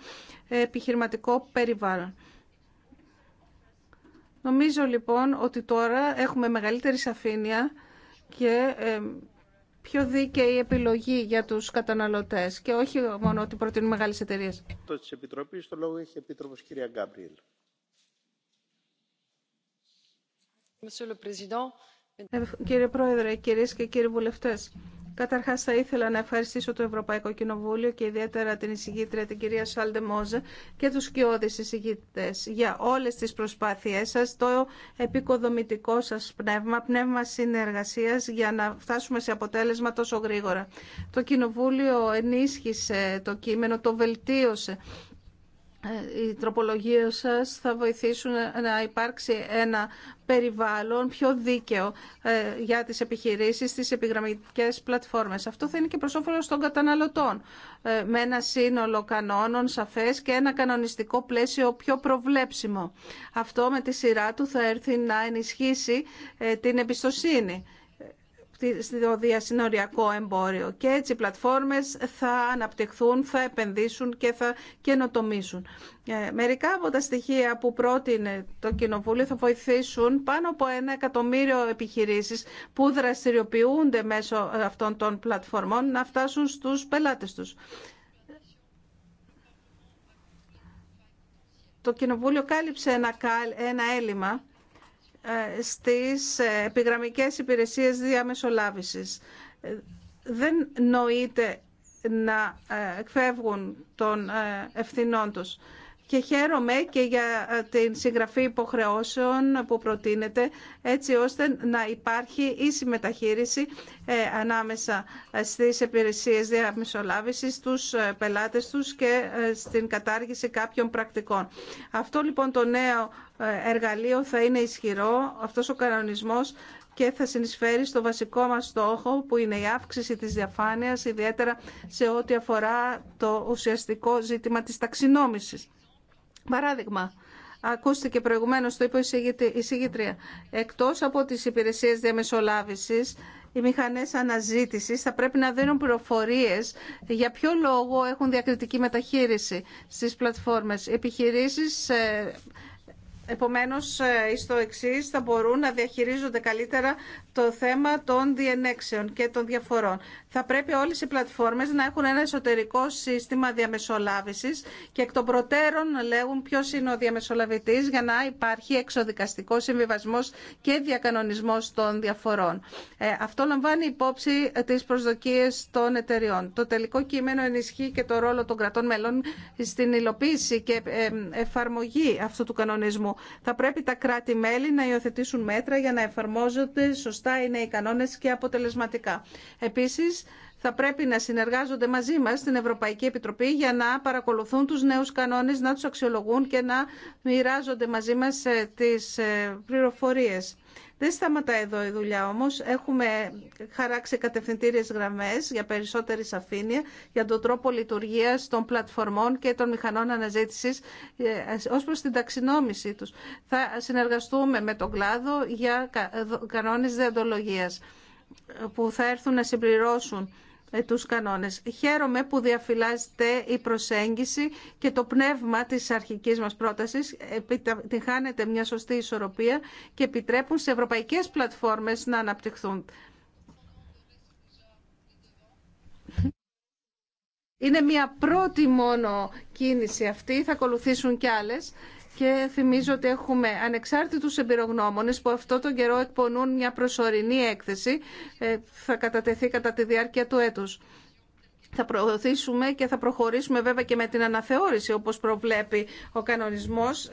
ε, επιχειρηματικό περιβάλλον. Νομίζω λοιπόν ότι τώρα έχουμε μεγαλύτερη σαφήνεια και πιο δίκαιη επιλογή για τους καταναλωτές και όχι μόνο ότι προτείνουν μεγάλες εταιρείες. Το της Επιτροπής, το λόγο έχει η Επίτροπος κυρία Γκάμπριελ. Κύριε Πρόεδρε, κυρίες και κύριοι βουλευτές, Καταρχάς θα ήθελα να ευχαριστήσω το Ευρωπαϊκό Κοινοβούλιο και ιδιαίτερα την εισηγήτρια την κυρία Σάλντε Μόζε και τους κοιόδης εισηγήτες για όλες τις προσπάθειές σας, το επικοδομητικό σας πνεύμα, πνεύμα συνεργασίας για να φτάσουμε σε αποτέλεσμα τόσο γρήγορα. Το Κοινοβούλιο ενίσχυσε το κείμενο, το βελτίωσε ε, οι τροπολογία σας θα βοηθήσουν να υπάρξει ένα περιβάλλον πιο δίκαιο ε, για τις επιχειρήσεις στις επιγραμμικές πλατφόρμες. Αυτό θα είναι και προς όφελος των καταναλωτών ε, με ένα σύνολο κανόνων σαφές και ένα κανονιστικό πλαίσιο πιο προβλέψιμο. Αυτό με τη σειρά του θα έρθει να ενισχύσει την εμπιστοσύνη στο διασυνοριακό εμπόριο. Και έτσι οι πλατφόρμες θα αναπτυχθούν, θα επενδύσουν και θα καινοτομήσουν. Ε, μερικά από τα στοιχεία που πρότεινε το Κοινοβούλιο θα βοηθήσουν πάνω από ένα εκατομμύριο επιχειρήσεις που δραστηριοποιούνται μέσω αυτών των πλατφορμών να φτάσουν στους πελάτες τους. Το Κοινοβούλιο κάλυψε ένα έλλειμμα ε, στις επιγραμμικές υπηρεσίες διαμεσολάβησης. Ε, δεν νοείται να ε, εκφεύγουν των ευθυνών τους και χαίρομαι και για ε, την συγγραφή υποχρεώσεων που προτείνεται έτσι ώστε να υπάρχει ίση μεταχείριση ε, ανάμεσα ε, στις υπηρεσίες διαμεσολάβησης, τους πελάτες τους και στην κατάργηση κάποιων πρακτικών. Αυτό λοιπόν το νέο εργαλείο θα είναι ισχυρό, αυτός ο κανονισμός και θα συνεισφέρει στο βασικό μας στόχο που είναι η αύξηση της διαφάνειας, ιδιαίτερα σε ό,τι αφορά το ουσιαστικό ζήτημα της ταξινόμησης. Παράδειγμα, ακούστηκε προηγουμένως, το είπε η συγγήτρια, εκτός από τις υπηρεσίες διαμεσολάβησης, οι μηχανές αναζήτησης θα πρέπει να δίνουν πληροφορίες για ποιο λόγο έχουν διακριτική μεταχείριση στις πλατφόρμες. Επιχειρήσεις ε, Επομένως, ε, το εξή θα μπορούν να διαχειρίζονται καλύτερα το θέμα των διενέξεων και των διαφορών. Θα πρέπει όλες οι πλατφόρμες να έχουν ένα εσωτερικό σύστημα διαμεσολάβησης και εκ των προτέρων να λέγουν ποιος είναι ο διαμεσολαβητής για να υπάρχει εξοδικαστικό συμβιβασμός και διακανονισμός των διαφορών. Ε, αυτό λαμβάνει υπόψη τις προσδοκίες των εταιριών. Το τελικό κείμενο ενισχύει και το ρόλο των κρατών μελών στην υλοποίηση και ε, εφαρμογή αυτού του κανονισμού θα πρέπει τα κράτη-μέλη να υιοθετήσουν μέτρα για να εφαρμόζονται σωστά οι νέοι κανόνες και αποτελεσματικά. Επίσης, θα πρέπει να συνεργάζονται μαζί μας στην Ευρωπαϊκή Επιτροπή για να παρακολουθούν τους νέους κανόνες, να τους αξιολογούν και να μοιράζονται μαζί μας ε, τις ε, πληροφορίες. Δεν σταματά εδώ η δουλειά όμω, Έχουμε χαράξει κατευθυντήριες γραμμές για περισσότερη σαφήνεια για τον τρόπο λειτουργία των πλατφορμών και των μηχανών αναζήτησης ε, ω προ την ταξινόμησή τους. Θα συνεργαστούμε με τον κλάδο για κανόνες διοντολογία που θα έρθουν να συμπληρώσουν ε, τους κανόνες. Χαίρομαι που διαφυλάζεται η προσέγγιση και το πνεύμα της αρχικής μας πρότασης χάνεται μια σωστή ισορροπία και επιτρέπουν σε ευρωπαϊκές πλατφόρμες να αναπτυχθούν. Είναι μια πρώτη μόνο κίνηση αυτή, θα ακολουθήσουν κι άλλες και θυμίζω ότι έχουμε ανεξάρτητους εμπειρογνώμονες που αυτό τον καιρό εκπονούν μια προσωρινή έκθεση. Ε, θα κατατεθεί κατά τη διάρκεια του έτους. Θα προωθήσουμε και θα προχωρήσουμε βέβαια και με την αναθεώρηση όπως προβλέπει ο κανονισμός.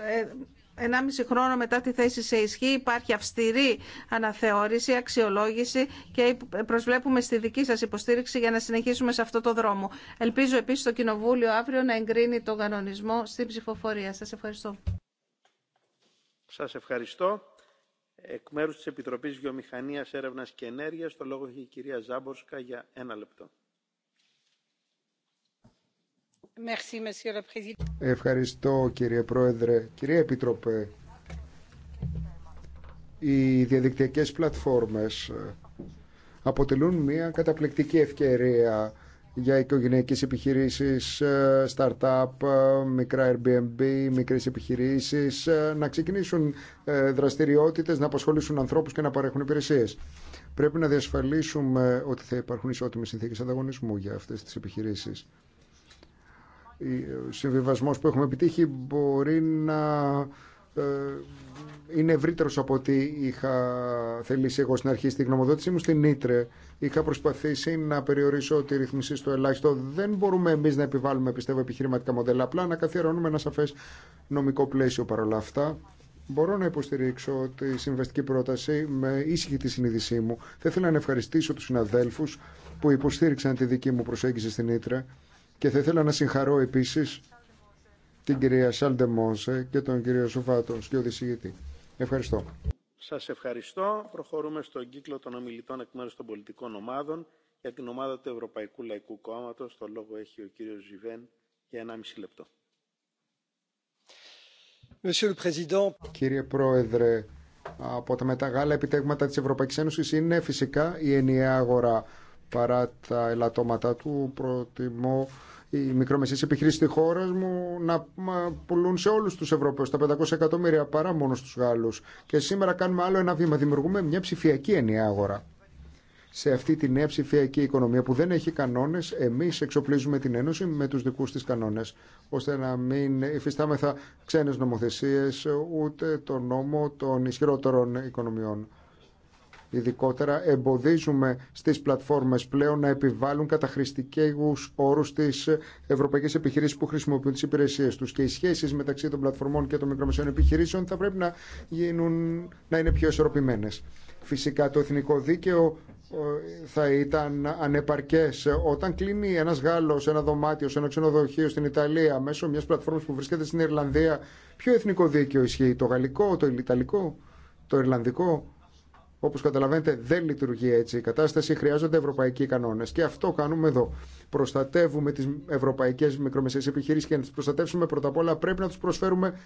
1,5 ε, χρόνο μετά τη θέση σε ισχύ υπάρχει αυστηρή αναθεώρηση, αξιολόγηση και προσβλέπουμε στη δική σας υποστήριξη για να συνεχίσουμε σε αυτό το δρόμο. Ελπίζω επίσης το Κοινοβούλιο αύριο να εγκρίνει τον κανονισμό στην ψηφοφορία. Σας ευχαριστώ. Σας ευχαριστώ. Εκ μέρους της Επιτροπής Βιομηχανίας, Έρευνας και Ενέργειας, το λόγο έχει η κυρία Ζάμπορσκα για ένα λεπτό. Ευχαριστώ κύριε Πρόεδρε. Κυρία Επιτροπέ, οι διαδικτυακές πλατφόρμες αποτελούν μια καταπληκτική ευκαιρία για οικογενειακές επιχειρήσεις, ε, startup, ε, μικρά Airbnb, μικρές επιχειρήσεις, ε, να ξεκινήσουν δραστηριότητες, να απασχολήσουν ανθρώπους και να παρέχουν υπηρεσίες. Πρέπει να διασφαλίσουμε ότι θα υπάρχουν ισότιμες συνθήκες ανταγωνισμού για αυτές τις επιχειρήσεις. Ο συμβιβασμός που έχουμε επιτύχει μπορεί να ε, είναι ευρύτερο από ό,τι είχα θελήσει εγώ στην αρχή. Στην γνωμοδότησή μου στην Ήτρε είχα προσπαθήσει να περιορίσω τη ρυθμίση στο ελάχιστο. Δεν μπορούμε εμεί να επιβάλλουμε, πιστεύω, επιχειρηματικά μοντέλα. Απλά να καθιερώνουμε ένα σαφέ νομικό πλαίσιο παρόλα αυτά. Μπορώ να υποστηρίξω τη συμβαστική πρόταση με ήσυχη τη συνείδησή μου. Θα ήθελα να ευχαριστήσω του συναδέλφου που υποστήριξαν τη δική μου προσέγγιση στην Ήτρε και θα ήθελα να συγχαρώ επίση την κυρία Σάλντε Μόνσε και τον κύριο Σουφάτο και ο Ευχαριστώ. Σα ευχαριστώ. Προχωρούμε στον κύκλο των ομιλητών εκ μέρους των πολιτικών ομάδων. Για την ομάδα του Ευρωπαϊκού Λαϊκού Κόμματος, το λόγο έχει ο κύριο Ζιβέν για 1,5 λεπτό. Κύριε Πρόεδρε, από τα μεταγάλα επιτέγματα της Ευρωπαϊκής Ένωσης είναι φυσικά η ενιαία αγορά. Παρά τα ελαττώματα του, προτιμώ οι μικρομεσαίε επιχειρήσει τη χώρα μου να πουλούν σε όλους τους Ευρωπαίους τα 500 εκατομμύρια παρά μόνο στους Γάλλους. Και σήμερα κάνουμε άλλο ένα βήμα, δημιουργούμε μια ψηφιακή ενιαία αγορά. Σε αυτή τη νέα ψηφιακή οικονομία που δεν έχει κανόνε, εμεί εξοπλίζουμε την Ένωση με του δικού τη κανόνε, ώστε να μην υφιστάμεθα ξένε νομοθεσίε ούτε τον νόμο των ισχυρότερων οικονομιών. Ειδικότερα εμποδίζουμε στις πλατφόρμες πλέον να επιβάλλουν καταχρηστικούς όρους στις ευρωπαϊκές επιχειρήσεις που χρησιμοποιούν τις υπηρεσίες τους και οι σχέσεις μεταξύ των πλατφορμών και των μικρομεσαίων επιχειρήσεων θα πρέπει να, γίνουν, να είναι πιο ισορροπημένες. Φυσικά το εθνικό δίκαιο ε, θα ήταν ανεπαρκέ όταν κλείνει ένας Γάλλος ένα δωμάτιο σε ένα ξενοδοχείο στην Ιταλία μέσω μια πλατφόρμα που βρίσκεται στην Ιρλανδία ποιο εθνικό δίκαιο ισχύει το γαλλικό, το ιταλικό, το ιρλανδικό Όπω καταλαβαίνετε, δεν λειτουργεί έτσι η κατάσταση. Χρειάζονται ευρωπαϊκοί κανόνε. Και αυτό κάνουμε εδώ. Προστατεύουμε τι ευρωπαϊκέ μικρομεσαίε επιχειρήσει και να τι προστατεύσουμε πρώτα απ' όλα πρέπει να του προσφέρουμε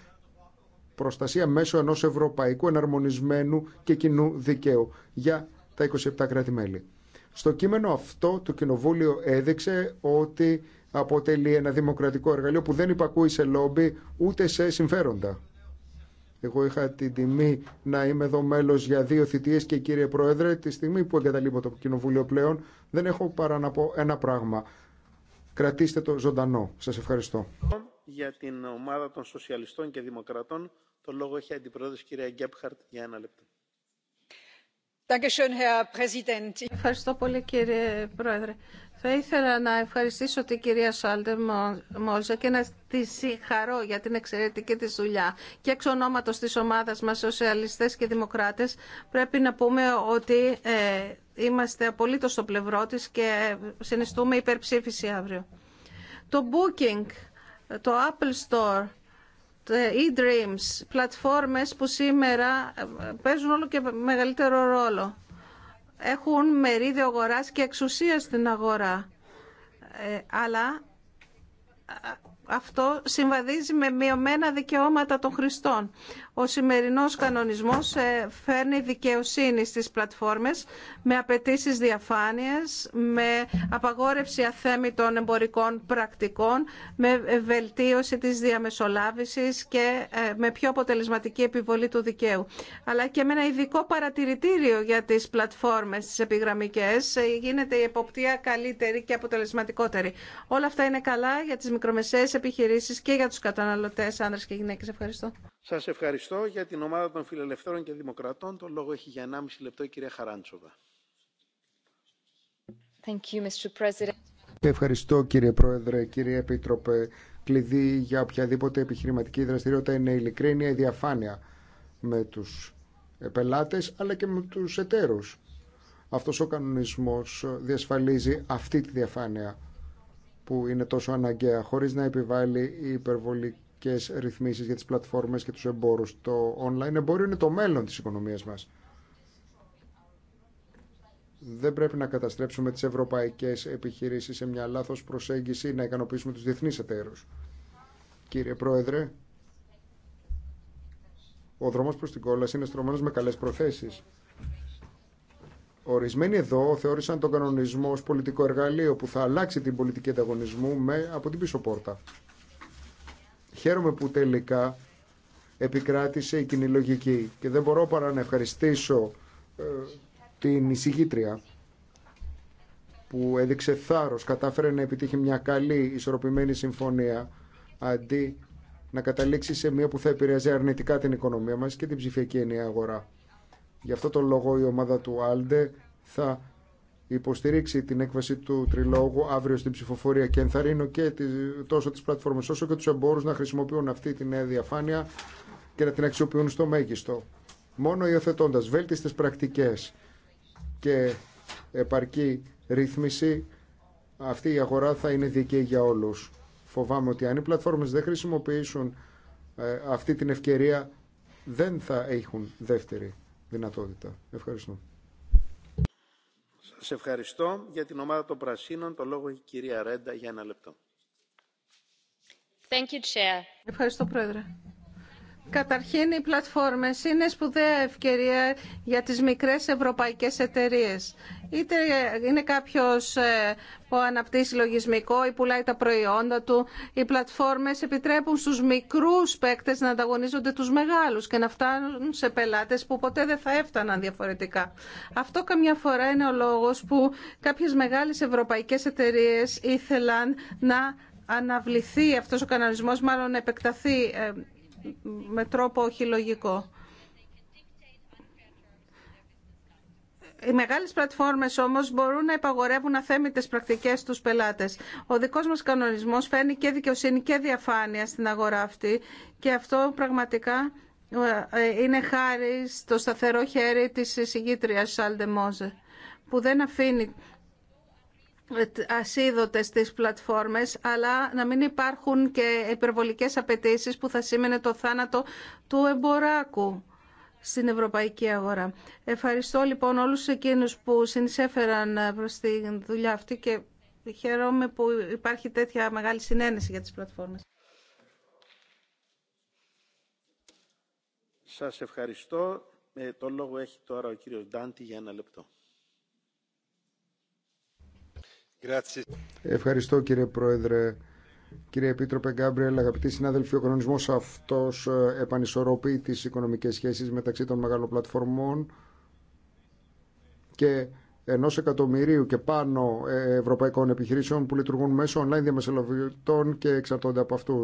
προστασία μέσω ενό ευρωπαϊκού εναρμονισμένου και κοινού δικαίου για τα 27 κράτη-μέλη. Στο κείμενο αυτό το Κοινοβούλιο έδειξε ότι αποτελεί ένα δημοκρατικό εργαλείο που δεν υπακούει σε λόμπι ούτε σε συμφέροντα. Εγώ είχα την τιμή να είμαι εδώ μέλο για δύο θητείε και κύριε Πρόεδρε, τη στιγμή που εγκαταλείπω το Κοινοβούλιο πλέον, δεν έχω παρά να πω ένα πράγμα. Κρατήστε το ζωντανό. Σα ευχαριστώ. Για την ομάδα των Σοσιαλιστών και Δημοκρατών, το λόγο έχει αντιπρόεδρο κυρία Γκέπχαρτ για ένα λεπτό. Ευχαριστώ πολύ κύριε Πρόεδρε. Θα ήθελα να ευχαριστήσω την κυρία Σάλτερ Μόλζα και να τη συγχαρώ για την εξαιρετική της δουλειά. Και εξ ονόματος της ομάδας μας, σοσιαλιστές και δημοκράτες, πρέπει να πούμε ότι ε, είμαστε απολύτως στο πλευρό της και συνιστούμε υπερψήφιση αύριο. Το Booking, το Apple Store, e-dreams, πλατφόρμες που σήμερα ε, παίζουν όλο και μεγαλύτερο ρόλο έχουν μερίδιο αγοράς και εξουσία στην αγορά. Ε, αλλά αυτό συμβαδίζει με μειωμένα δικαιώματα των χρηστών. Ο σημερινός κανονισμός ε, φέρνει δικαιοσύνη στις πλατφόρμες με απαιτήσει διαφάνειας, με απαγόρευση αθέμητων εμπορικών πρακτικών, με βελτίωση της διαμεσολάβησης και ε, με πιο αποτελεσματική επιβολή του δικαίου. Αλλά και με ένα ειδικό παρατηρητήριο για τις πλατφόρμες, τις επιγραμμικές, ε, γίνεται η εποπτεία καλύτερη και αποτελεσματικότερη. Όλα αυτά είναι καλά για τις μικρομεσαίες επιχειρήσεις και για τους καταναλωτές, άνδρες και γυναίκες. Ευχαριστώ. Σας ευχαριστώ για την ομάδα των Φιλελευθέρων και Δημοκρατών. Το λόγο έχει για 1,5 λεπτό η κυρία Χαράντσοβα. Ευχαριστώ κύριε Πρόεδρε, κύριε Επίτροπε. Κλειδί για οποιαδήποτε επιχειρηματική δραστηριότητα είναι η ειλικρίνεια, η διαφάνεια με τους πελάτες αλλά και με τους εταίρους. Αυτός ο κανονισμός διασφαλίζει αυτή τη διαφάνεια που είναι τόσο αναγκαία χωρίς να επιβάλλει υπερβολικές ρυθμίσεις για τις πλατφόρμες και τους εμπόρους. Το online εμπόριο είναι το μέλλον της οικονομίας μας. Δεν πρέπει να καταστρέψουμε τις ευρωπαϊκές επιχειρήσεις σε μια λάθος προσέγγιση να ικανοποιήσουμε τους διεθνείς εταίρους. Κύριε Πρόεδρε, ο δρόμος προς την κόλαση είναι στρωμένος με καλές προθέσεις. Ορισμένοι εδώ θεώρησαν τον κανονισμό ως πολιτικό εργαλείο που θα αλλάξει την πολιτική ανταγωνισμού με, από την πίσω πόρτα. Χαίρομαι που τελικά επικράτησε η κοινή λογική και δεν μπορώ παρά να ευχαριστήσω ε, την εισηγήτρια που έδειξε θάρρος, κατάφερε να επιτύχει μια καλή ισορροπημένη συμφωνία αντί να καταλήξει σε μια που θα επηρεάζει αρνητικά την οικονομία μας και την ψηφιακή ενιαία αγορά. Γι' αυτό το λόγο η ομάδα του Άλντε θα υποστηρίξει την έκβαση του τριλόγου αύριο στην ψηφοφορία και ενθαρρύνω και τόσο τις πλατφόρμες όσο και τους εμπόρους να χρησιμοποιούν αυτή τη νέα διαφάνεια και να την αξιοποιούν στο μέγιστο. Μόνο υιοθετώντα βέλτιστες πρακτικές και επαρκή ρύθμιση αυτή η αγορά θα είναι δίκαιη για όλους. Φοβάμαι ότι αν οι πλατφόρμες δεν χρησιμοποιήσουν ε, αυτή την ευκαιρία δεν θα έχουν δεύτερη δυνατότητα. Ευχαριστώ. Σας ευχαριστώ. Για την ομάδα των Πρασίνων το λόγο έχει η κυρία Ρέντα για ένα λεπτό. Thank you, Chair. Ευχαριστώ, Πρόεδρε. Καταρχήν οι πλατφόρμες είναι σπουδαία ευκαιρία για τις μικρές ευρωπαϊκές εταιρείες. Είτε είναι κάποιος ε, που αναπτύσσει λογισμικό ή πουλάει τα προϊόντα του, οι πλατφόρμες επιτρέπουν στους μικρούς παίκτες να ανταγωνίζονται τους μεγάλους και να φτάνουν σε πελάτες που ποτέ δεν θα έφταναν διαφορετικά. Αυτό καμιά φορά είναι ο λόγος που κάποιες μεγάλες ευρωπαϊκές εταιρείες ήθελαν να αναβληθεί αυτός ο κανονισμός, μάλλον να επεκταθεί ε, με τρόπο όχι λογικό. Οι μεγάλες πλατφόρμες όμως μπορούν να υπαγορεύουν αθέμητες πρακτικές στους πελάτες. Ο δικός μας κανονισμός φέρνει και δικαιοσύνη και διαφάνεια στην αγορά αυτή και αυτό πραγματικά ε, είναι χάρη στο σταθερό χέρι της εισηγήτριας Σάλντε που δεν αφήνει ασίδωτες τις πλατφόρμες, αλλά να μην υπάρχουν και υπερβολικές απαιτήσει που θα σήμαινε το θάνατο του εμποράκου στην ευρωπαϊκή αγορά. Ευχαριστώ λοιπόν όλους εκείνους που συνεισέφεραν ε, προς τη δουλειά αυτή και χαίρομαι που υπάρχει τέτοια μεγάλη συνένεση για τις πλατφόρμες. Σας ευχαριστώ. Ε, το λόγο έχει τώρα ο κύριος Ντάντι για ένα λεπτό. Ευχαριστώ κύριε Πρόεδρε. Κύριε Επίτροπε Γκάμπριελ, αγαπητοί συνάδελφοι, ο κανονισμό αυτό ε, επανισορροπεί τι οικονομικέ σχέσει μεταξύ των μεγάλων πλατφορμών και ενό εκατομμυρίου και πάνω ε, ευρωπαϊκών επιχειρήσεων που λειτουργούν μέσω online διαμεσολαβητών και εξαρτώνται από αυτού.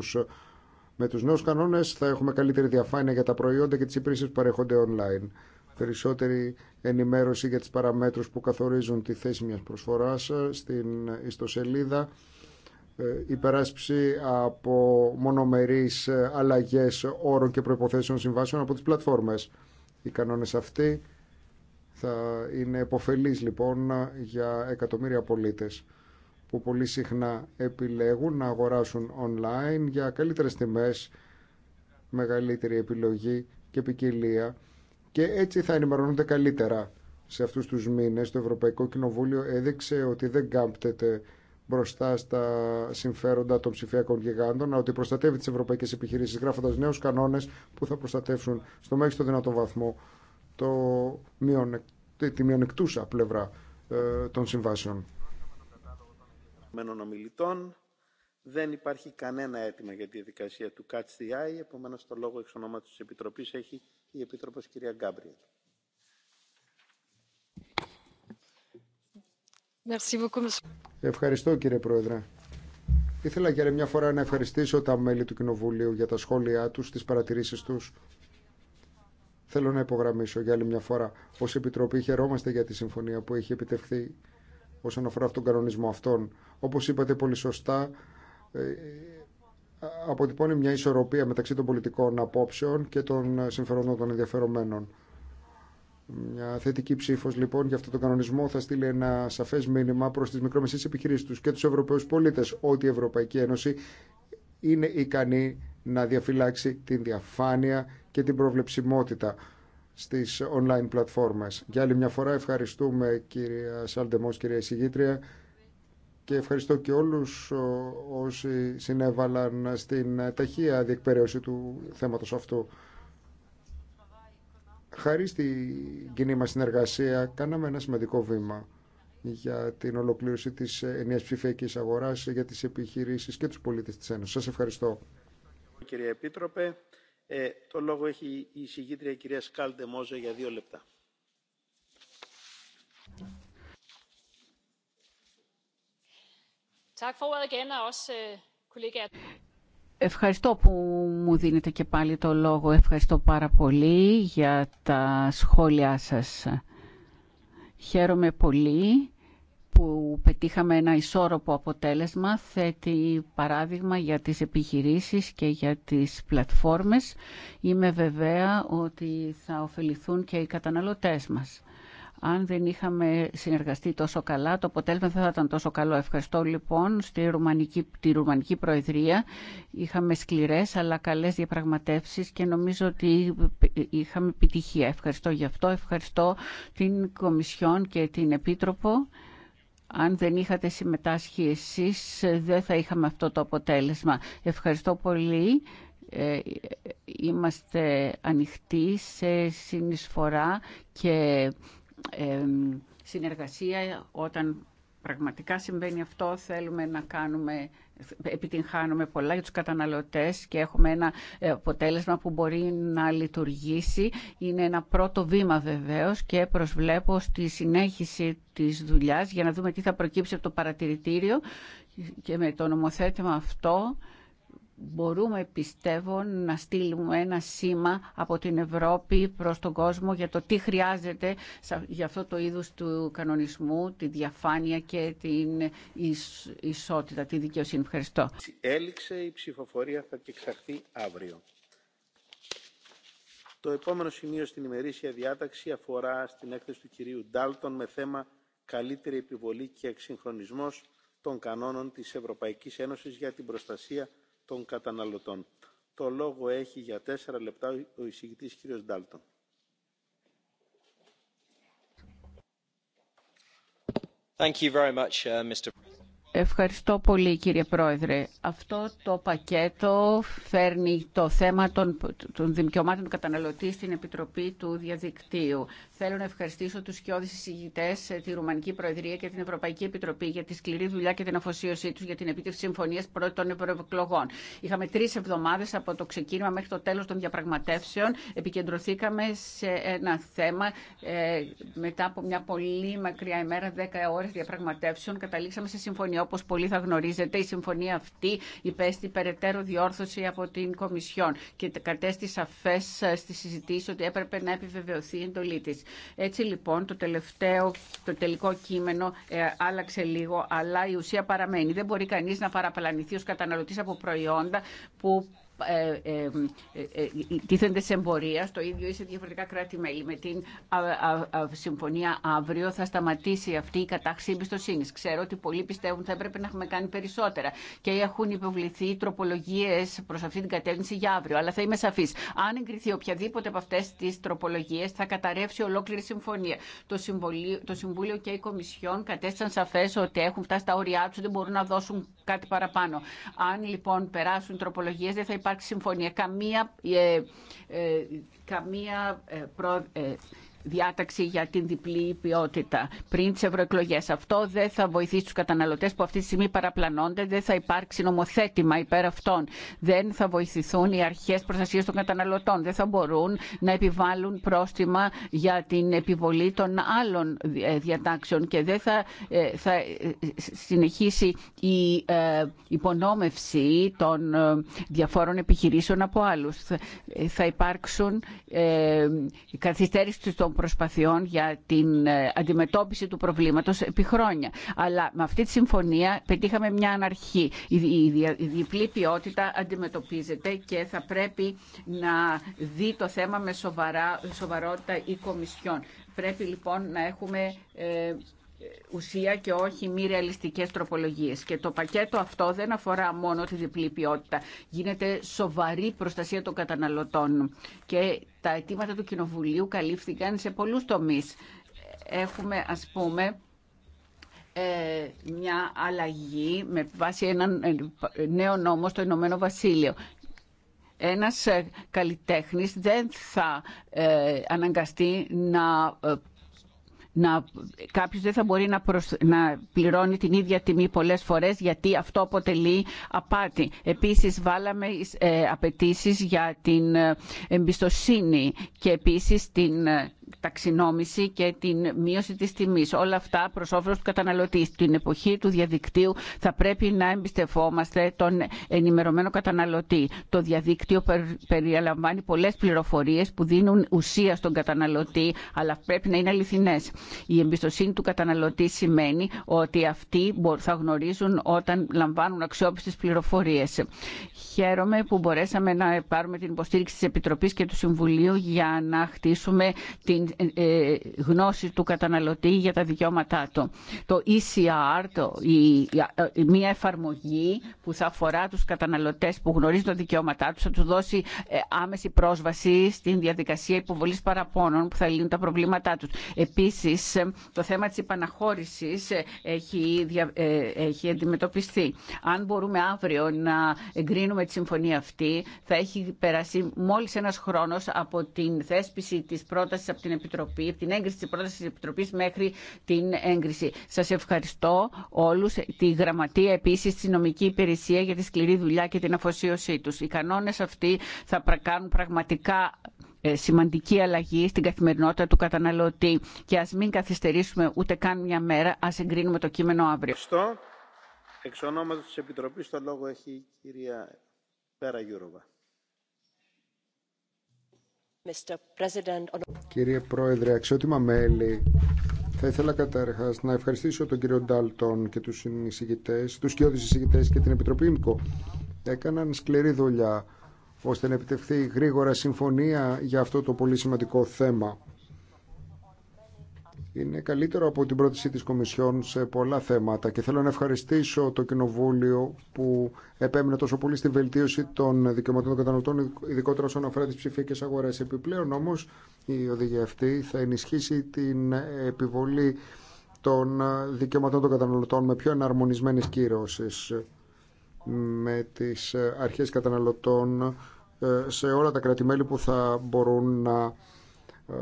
Με του νέου κανόνε θα έχουμε καλύτερη διαφάνεια για τα προϊόντα και τι υπηρεσίε που παρέχονται online περισσότερη ενημέρωση για τις παραμέτρους που καθορίζουν τη θέση μιας προσφοράς ε, στην ιστοσελίδα, ε, υπεράσπιση από μονομερείς ε, αλλαγές όρων και προϋποθέσεων συμβάσεων από τις πλατφόρμες. Οι κανόνες αυτοί θα είναι εποφελείς λοιπόν για εκατομμύρια πολίτες που πολύ συχνά επιλέγουν να αγοράσουν online για καλύτερες τιμές, μεγαλύτερη επιλογή και ποικιλία και έτσι θα ενημερώνονται καλύτερα. Σε αυτούς τους μήνες το Ευρωπαϊκό Κοινοβούλιο έδειξε ότι δεν κάμπτεται μπροστά στα συμφέροντα των ψηφιακών γιγάντων, αλλά ότι προστατεύει τις ευρωπαϊκές επιχειρήσεις γράφοντας νέους κανόνες που θα προστατεύσουν στο μέγιστο δυνατό βαθμό το μειονεκ... τη μειονεκτούσα πλευρά ε, των συμβάσεων. Δεν υπάρχει κανένα αίτημα για τη διαδικασία του Catch the Eye, επομένω το λόγο εξ ονόματο τη Επιτροπής έχει η επίτροπο κυρία Γκάμπριελ. Ευχαριστώ κύριε Πρόεδρε. Ήθελα για μια φορά να ευχαριστήσω τα μέλη του Κοινοβουλίου για τα σχόλιά τους, τις παρατηρήσεις τους. Θέλω να υπογραμμίσω για άλλη μια φορά. Ω Επιτροπή χαιρόμαστε για τη συμφωνία που έχει επιτευχθεί όσον αφορά τον κανονισμό αυτών. Όπως είπατε πολύ σωστά, ε, ε, ε, αποτυπώνει μια ισορροπία μεταξύ των πολιτικών απόψεων και των συμφερόντων των ενδιαφερομένων. Μια θετική ψήφο λοιπόν για αυτόν τον κανονισμό θα στείλει ένα σαφέ μήνυμα προ τι μικρομεσαίε επιχειρήσει του και του Ευρωπαίου πολίτε ότι η Ευρωπαϊκή Ένωση είναι ικανή να διαφυλάξει την διαφάνεια και την προβλεψιμότητα στι online πλατφόρμες. Για άλλη μια φορά ευχαριστούμε κυρία Σαλντεμός, κυρία Εισηγήτρια και ευχαριστώ και όλους όσοι συνέβαλαν στην ταχεία διεκπαιρέωση του θέματος αυτού. Χαρί στην κοινή μας συνεργασία κάναμε ένα σημαντικό βήμα για την ολοκλήρωση της ενιαίας ψηφιακής αγοράς για τις επιχειρήσεις και τους πολίτες της Ένωσης. Σας ευχαριστώ. Κύριε Επίτροπε, ε, το λόγο έχει η συγκήτρια κυρία Σκάλτε Μόζε για δύο λεπτά. Øh, Ευχαριστώ που μου δίνετε και πάλι το λόγο. Ευχαριστώ πάρα πολύ για τα σχόλιά σας. Χαίρομαι πολύ που πετύχαμε ένα ισόρροπο αποτέλεσμα θέτει παράδειγμα για τις επιχειρήσεις και για τις πλατφόρμες. Είμαι βεβαία ότι θα ωφεληθούν και οι καταναλωτές μας. Αν δεν είχαμε συνεργαστεί τόσο καλά, το αποτέλεσμα δεν θα ήταν τόσο καλό. Ευχαριστώ λοιπόν στη Ρουμανική, τη Ρουμανική Προεδρία. Είχαμε σκληρές αλλά καλές διαπραγματεύσεις και νομίζω ότι είχαμε επιτυχία. Ευχαριστώ γι' αυτό. Ευχαριστώ την Κομισιόν και την Επίτροπο. Αν δεν είχατε συμμετάσχει εσείς, δεν θα είχαμε αυτό το αποτέλεσμα. Ευχαριστώ πολύ. Ε, είμαστε ανοιχτοί σε συνεισφορά και συνεργασία όταν πραγματικά συμβαίνει αυτό, θέλουμε να κάνουμε, επιτυγχάνουμε πολλά για τους καταναλωτές και έχουμε ένα ε, αποτέλεσμα που μπορεί να λειτουργήσει. Είναι ένα πρώτο βήμα βεβαίως και προσβλέπω στη συνέχιση της δουλειάς για να δούμε τι θα προκύψει από το παρατηρητήριο και με το νομοθέτημα αυτό μπορούμε πιστεύω να στείλουμε ένα σήμα από την Ευρώπη προς τον κόσμο για το τι χρειάζεται για αυτό το είδους του κανονισμού, τη διαφάνεια και την ισότητα, τη δικαιοσύνη. Ευχαριστώ. Έληξε η ψηφοφορία, θα κεξαχθεί αύριο. Το επόμενο σημείο στην ημερήσια διάταξη αφορά στην έκθεση του κυρίου Ντάλτον με θέμα καλύτερη επιβολή και εξυγχρονισμός των κανόνων της Ευρωπαϊκής Ένωσης για την προστασία των καταναλωτών. Το λόγο έχει για τέσσερα λεπτά ο εισηγητής κυρίος Ντάλτον. Thank you very much, uh, Mr. Ευχαριστώ πολύ κύριε Πρόεδρε. Αυτό το πακέτο φέρνει το θέμα των, των δικαιωμάτων του καταναλωτή στην Επιτροπή του Διαδικτύου. Θέλω να ευχαριστήσω τους σκιώδεις εισηγητές, ε, τη Ρουμανική Προεδρία και την Ευρωπαϊκή Επιτροπή για τη σκληρή δουλειά και την αφοσίωσή τους για την επίτευξη συμφωνίας πρώτων ευρωεκλογών. Είχαμε τρεις εβδομάδες από το ξεκίνημα μέχρι το τέλος των διαπραγματεύσεων. Επικεντρωθήκαμε σε ένα θέμα ε, μετά από μια πολύ μακριά ημέρα, 10 ώρες διαπραγματεύσεων, καταλήξαμε σε συμφωνία Όπω Όπως πολλοί θα γνωρίζετε, η συμφωνία αυτή υπέστη περαιτέρω διόρθωση από την Κομισιόν και κατέστη σαφέ ε, στη συζητήση ότι έπρεπε να επιβεβαιωθεί η εντολή τη. Έτσι λοιπόν το τελευταίο, το τελικό κείμενο ε, άλλαξε λίγο, αλλά η ουσία παραμένει. Δεν μπορεί κανεί να παραπλανηθεί ω καταναλωτή από προϊόντα που ε, ε, ε, τίθενται σε εμπορία στο ίδιο ή σε διαφορετικά κράτη-μέλη. Με την συμφωνία αύριο θα σταματήσει αυτή η κατάξη εμπιστοσύνη. Ξέρω ότι πολλοί πιστεύουν ότι θα έπρεπε να έχουμε κάνει περισσότερα και έχουν υποβληθεί τροπολογίε προ αυτή την κατεύθυνση για αύριο. Αλλά θα είμαι σαφή. Αν εγκριθεί οποιαδήποτε από αυτέ τι τροπολογίε, θα καταρρεύσει ολόκληρη συμφωνία. Το, το Συμβούλιο και η Κομισιόν κατέστησαν σαφέ ότι έχουν φτάσει στα όρια του, δεν μπορούν να δώσουν κάτι παραπάνω. Αν λοιπόν περάσουν τροπολογίε, δεν θα υπάρχει υπάρξει συμφωνία. Καμία, ε, ε, καμία ε, ε, διάταξη για την διπλή ποιότητα πριν τι ευρωεκλογέ. Αυτό δεν θα βοηθήσει του καταναλωτέ που αυτή τη στιγμή παραπλανώνται, δεν θα υπάρξει νομοθέτημα υπέρ αυτών. Δεν θα βοηθηθούν οι αρχέ προστασία των καταναλωτών. Δεν θα μπορούν να επιβάλλουν πρόστιμα για την επιβολή των άλλων ε, διατάξεων και δεν θα, ε, θα ε, συνεχίσει η υπονόμευση των διαφόρων επιχειρήσεων από άλλους. Θα υπάρξουν καθυστέρηση των προσπαθειών για την ε, αντιμετώπιση του προβλήματος επί χρόνια. Αλλά με αυτή τη συμφωνία πετύχαμε μια αναρχή. Η διπλή ποιότητα αντιμετωπίζεται και θα πρέπει να δει το θέμα με σοβαρότητα η Κομισιόν. Πρέπει λοιπόν να έχουμε ε, ουσία και όχι μη ρεαλιστικές τροπολογίες. Και το πακέτο αυτό δεν αφορά μόνο τη διπλή ποιότητα. Γίνεται σοβαρή προστασία των καταναλωτών. Και τα αιτήματα του Κοινοβουλίου καλύφθηκαν σε πολλούς τομείς. Έχουμε, ας πούμε, ε, μια αλλαγή με βάση έναν ε, νέο νόμο στο Ηνωμένο Βασίλειο ένας ε, καλλιτέχνης δεν θα αναγκαστεί να να, κάποιος δεν θα μπορεί να, να πληρώνει την ίδια τιμή πολλές φορές γιατί αυτό αποτελεί απάτη. Επίσης βάλαμε ε, απαιτήσει για την ε, εμπιστοσύνη και επίσης την ε, ταξινόμηση και την μείωση της τιμής. Όλα αυτά προς όφελος του καταναλωτή. Στην εποχή του διαδικτύου θα πρέπει να εμπιστευόμαστε τον ενημερωμένο καταναλωτή. Το διαδίκτυο περιλαμβάνει πολλές πληροφορίες που δίνουν ουσία στον καταναλωτή, αλλά πρέπει να είναι αληθινές. Η εμπιστοσύνη του καταναλωτή σημαίνει ότι αυτοί θα γνωρίζουν όταν λαμβάνουν αξιόπιστες πληροφορίες. Χαίρομαι που μπορέσαμε να πάρουμε την υποστήριξη της Επιτροπής και του Συμβουλίου για να χτίσουμε την ε, ε, γνώση του καταναλωτή για τα δικαιώματά του. Το ECR, η, μια εφαρμογή που θα αφορά τους καταναλωτές που γνωρίζουν τα δικαιώματά τους, θα τους δώσει ε, άμεση πρόσβαση στην διαδικασία υποβολής παραπώνων που θα λύνουν τα προβλήματά τους. Επίσης, το θέμα της υπαναχώρησης έχει, έχει αντιμετωπιστεί. Αν μπορούμε αύριο να εγκρίνουμε τη συμφωνία αυτή, θα έχει περάσει μόλις ένας χρόνος από την θέσπιση της πρότασης την Επιτροπή, την έγκριση της πρόταση τη Επιτροπής μέχρι την έγκριση. Σας ευχαριστώ όλους, τη Γραμματεία επίσης, τη Νομική Υπηρεσία για τη σκληρή δουλειά και την αφοσίωσή του. Οι κανόνες αυτοί θα κάνουν πραγματικά ε, σημαντική αλλαγή στην καθημερινότητα του καταναλωτή και α μην καθυστερήσουμε ούτε καν μια μέρα, α εγκρίνουμε το κείμενο αύριο. Ευχαριστώ. Εξ ονόματο τη Επιτροπή, το λόγο έχει η κυρία Πέρα Γιούροβα. Κύριε Πρόεδρε, αξιότιμα μέλη, θα ήθελα καταρχά να ευχαριστήσω τον κύριο Ντάλτον και του συνεισηγητέ, του κοιόδη και την Επιτροπή ΜΚΟ. Έκαναν σκληρή δουλειά ώστε να επιτευχθεί γρήγορα συμφωνία για αυτό το πολύ σημαντικό θέμα είναι καλύτερο από την πρόταση της Κομισιόν σε πολλά θέματα και θέλω να ευχαριστήσω το Κοινοβούλιο που επέμεινε τόσο πολύ στη βελτίωση των δικαιωμάτων των καταναλωτών, ειδικότερα όσον αφορά τις ψηφιακές αγορές. Επιπλέον όμως η οδηγία αυτή θα ενισχύσει την επιβολή των δικαιωμάτων των καταναλωτών με πιο εναρμονισμένες κυρώσεις με τις αρχές καταναλωτών ε, σε όλα τα κράτη-μέλη που θα μπορούν να ε,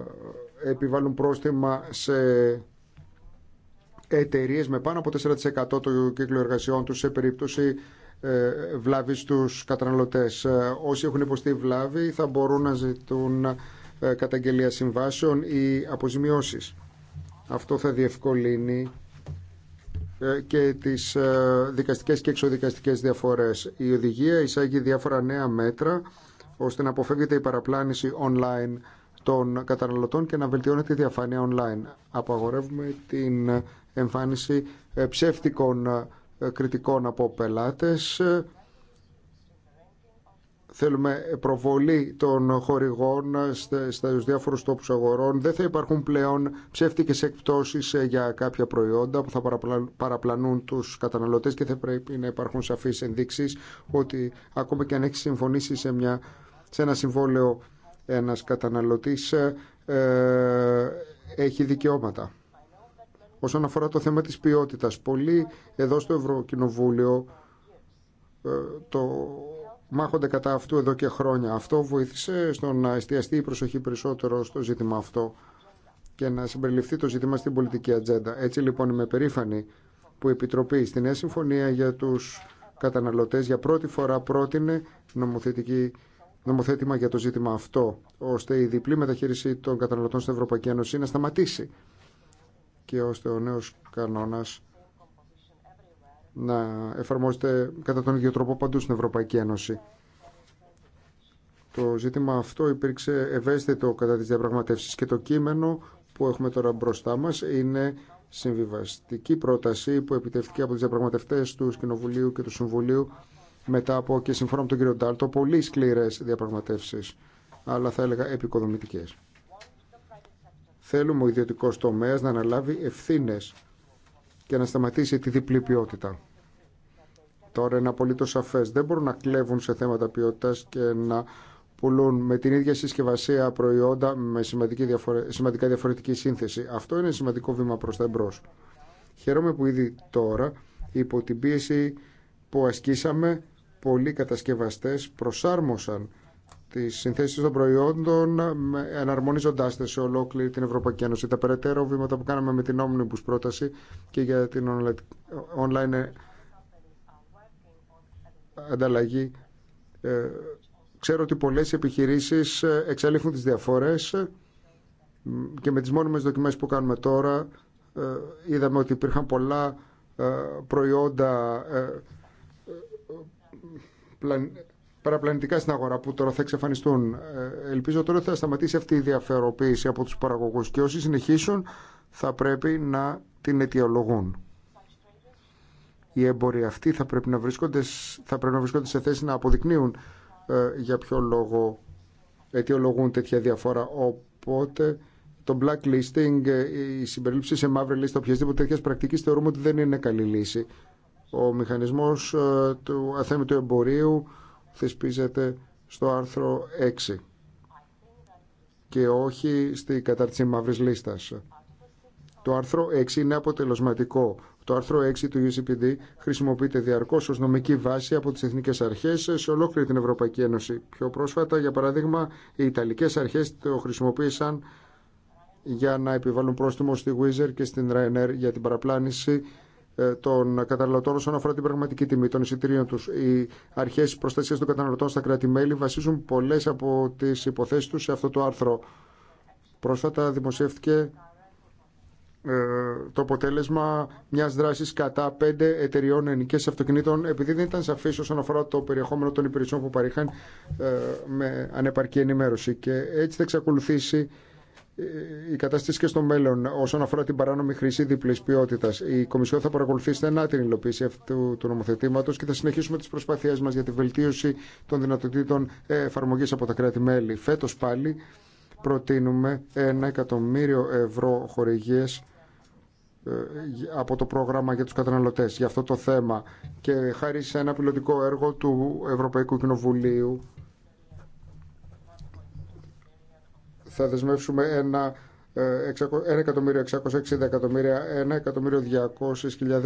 επιβάλλουν πρόστιμα σε εταιρείε με πάνω από 4% του κύκλου εργασιών τους σε περίπτωση ε, βλάβη στους καταναλωτές. Ε, όσοι έχουν υποστεί βλάβη θα μπορούν να ζητούν ε, καταγγελία συμβάσεων ή αποζημιώσεις. Αυτό θα διευκολύνει και τις δικαστικές και εξοδικαστικές διαφορές. Η οδηγία εισάγει διάφορα νέα μέτρα ώστε να αποφεύγεται η παραπλάνηση online των καταναλωτών και να βελτιώνεται η διαφάνεια online. Απαγορεύουμε την εμφάνιση ε, ψεύτικων ε, κριτικών από πελάτες. Θέλουμε προβολή των χορηγών ε, στους διάφορους τόπους αγορών. Δεν θα υπάρχουν πλέον ψεύτικες εκπτώσεις για κάποια προϊόντα που θα παραπλανούν τους καταναλωτές και θα πρέπει να υπάρχουν σαφείς ενδείξεις ότι ακόμα και αν έχει συμφωνήσει σε, μια, σε ένα συμβόλαιο ένας καταναλωτής ε, ε, έχει δικαιώματα. Όσον αφορά το θέμα της ποιότητας, πολλοί εδώ στο Ευρωκοινοβούλιο ε, το μάχονται κατά αυτού εδώ και χρόνια. Αυτό βοήθησε στο να εστιαστεί η προσοχή περισσότερο στο ζήτημα αυτό και να συμπεριληφθεί το ζήτημα στην πολιτική ατζέντα. Έτσι λοιπόν είμαι περήφανη που η Επιτροπή στη Νέα Συμφωνία για τους καταναλωτές για πρώτη φορά πρότεινε νομοθετική νομοθέτημα για το ζήτημα αυτό, ώστε η διπλή μεταχείριση των καταναλωτών στην Ευρωπαϊκή Ένωση να σταματήσει και ώστε ο νέος κανόνας να εφαρμόζεται κατά τον ίδιο τρόπο παντού στην Ευρωπαϊκή Ένωση. Το ζήτημα αυτό υπήρξε ευαίσθητο κατά τις διαπραγματεύσεις και το κείμενο που έχουμε τώρα μπροστά μας είναι συμβιβαστική πρόταση που επιτεύχθηκε από τις διαπραγματευτές του Κοινοβουλίου και του Συμβουλίου μετά από και συμφωνώ με τον κύριο Ντάλτο πολύ σκληρέ διαπραγματεύσει, αλλά θα έλεγα επικοδομητικέ. Θέλουμε ο ιδιωτικό τομέα να αναλάβει ευθύνε και να σταματήσει τη διπλή ποιότητα. Τώρα είναι απολύτω σαφέ. Δεν μπορούν να κλέβουν σε θέματα ποιότητα και να πουλούν με την ίδια συσκευασία προϊόντα με σημαντικά διαφορετική σύνθεση. Αυτό είναι σημαντικό βήμα προ τα εμπρό. Χαίρομαι που ήδη τώρα υπό την πίεση που ασκήσαμε πολλοί κατασκευαστές προσάρμοσαν τις συνθέσεις των προϊόντων εναρμονίζοντα τις σε ολόκληρη την Ευρωπαϊκή Ένωση. Τα περαιτέρω βήματα που κάναμε με την Omnibus πρόταση και για την online ανταλλαγή. Ε, ξέρω ότι πολλές επιχειρήσεις ε, εξαλείφουν τις διαφορές ε, και με τις μόνιμες δοκιμές που κάνουμε τώρα είδαμε ότι υπήρχαν πολλά προϊόντα παραπλανητικά στην αγορά που τώρα θα εξαφανιστούν. Ε, ελπίζω τώρα θα σταματήσει αυτή η διαφεροποίηση από τους παραγωγούς και όσοι συνεχίσουν θα πρέπει να την αιτιολογούν. Οι έμποροι αυτοί θα πρέπει να βρίσκονται, θα πρέπει να βρίσκονται σε θέση να αποδεικνύουν ε, για ποιο λόγο αιτιολογούν τέτοια διαφορά. Οπότε το blacklisting, ε, η συμπερίληψη σε μαύρη λίστα οποιασδήποτε τέτοια πρακτική θεωρούμε ότι δεν είναι καλή λύση. Ο μηχανισμός ε, του αθέμητου εμπορίου θεσπίζεται στο άρθρο 6 και όχι στη κατάρτιση μαύρης λίστας. Το άρθρο 6 είναι αποτελεσματικό. Το άρθρο 6 του UCPD χρησιμοποιείται διαρκώ ω νομική βάση από τις Εθνικές Αρχές σε ολόκληρη την Ευρωπαϊκή Ένωση. Πιο πρόσφατα, για παράδειγμα, οι Ιταλικές Αρχές το χρησιμοποίησαν για να επιβάλλουν πρόστιμο στη Wizard και στην Ryanair για την παραπλάνηση ε, των καταναλωτών όσον αφορά την πραγματική τιμή των εισιτηρίων τους. Οι αρχές προστασίας των καταναλωτών στα κράτη-μέλη βασίζουν πολλές από τις υποθέσεις του σε αυτό το άρθρο. Πρόσφατα δημοσιεύτηκε ε, το αποτέλεσμα μια δράση κατά πέντε εταιριών ενικές αυτοκινήτων, επειδή δεν ήταν σαφή όσον αφορά το περιεχόμενο των υπηρεσιών που παρήχαν ε, με ανεπαρκή ενημέρωση. Και έτσι θα εξακολουθήσει η ε, κατάσταση και στο μέλλον όσον αφορά την παράνομη χρήση διπλή ποιότητα. Η Κομισιόν θα παρακολουθεί στενά την υλοποίηση αυτού του νομοθετήματο και θα συνεχίσουμε τι προσπάθειέ μα για τη βελτίωση των δυνατοτήτων ε, εφαρμογή από τα κράτη-μέλη. Φέτο πάλι προτείνουμε ένα εκατομμύριο ευρώ χορηγίε ε, από το πρόγραμμα για τους καταναλωτές για αυτό το θέμα και χάρη σε ένα πιλωτικό έργο του Ευρωπαϊκού Κοινοβουλίου θα δεσμεύσουμε ένα 660 ε, εκατομμύρια, 1.200.000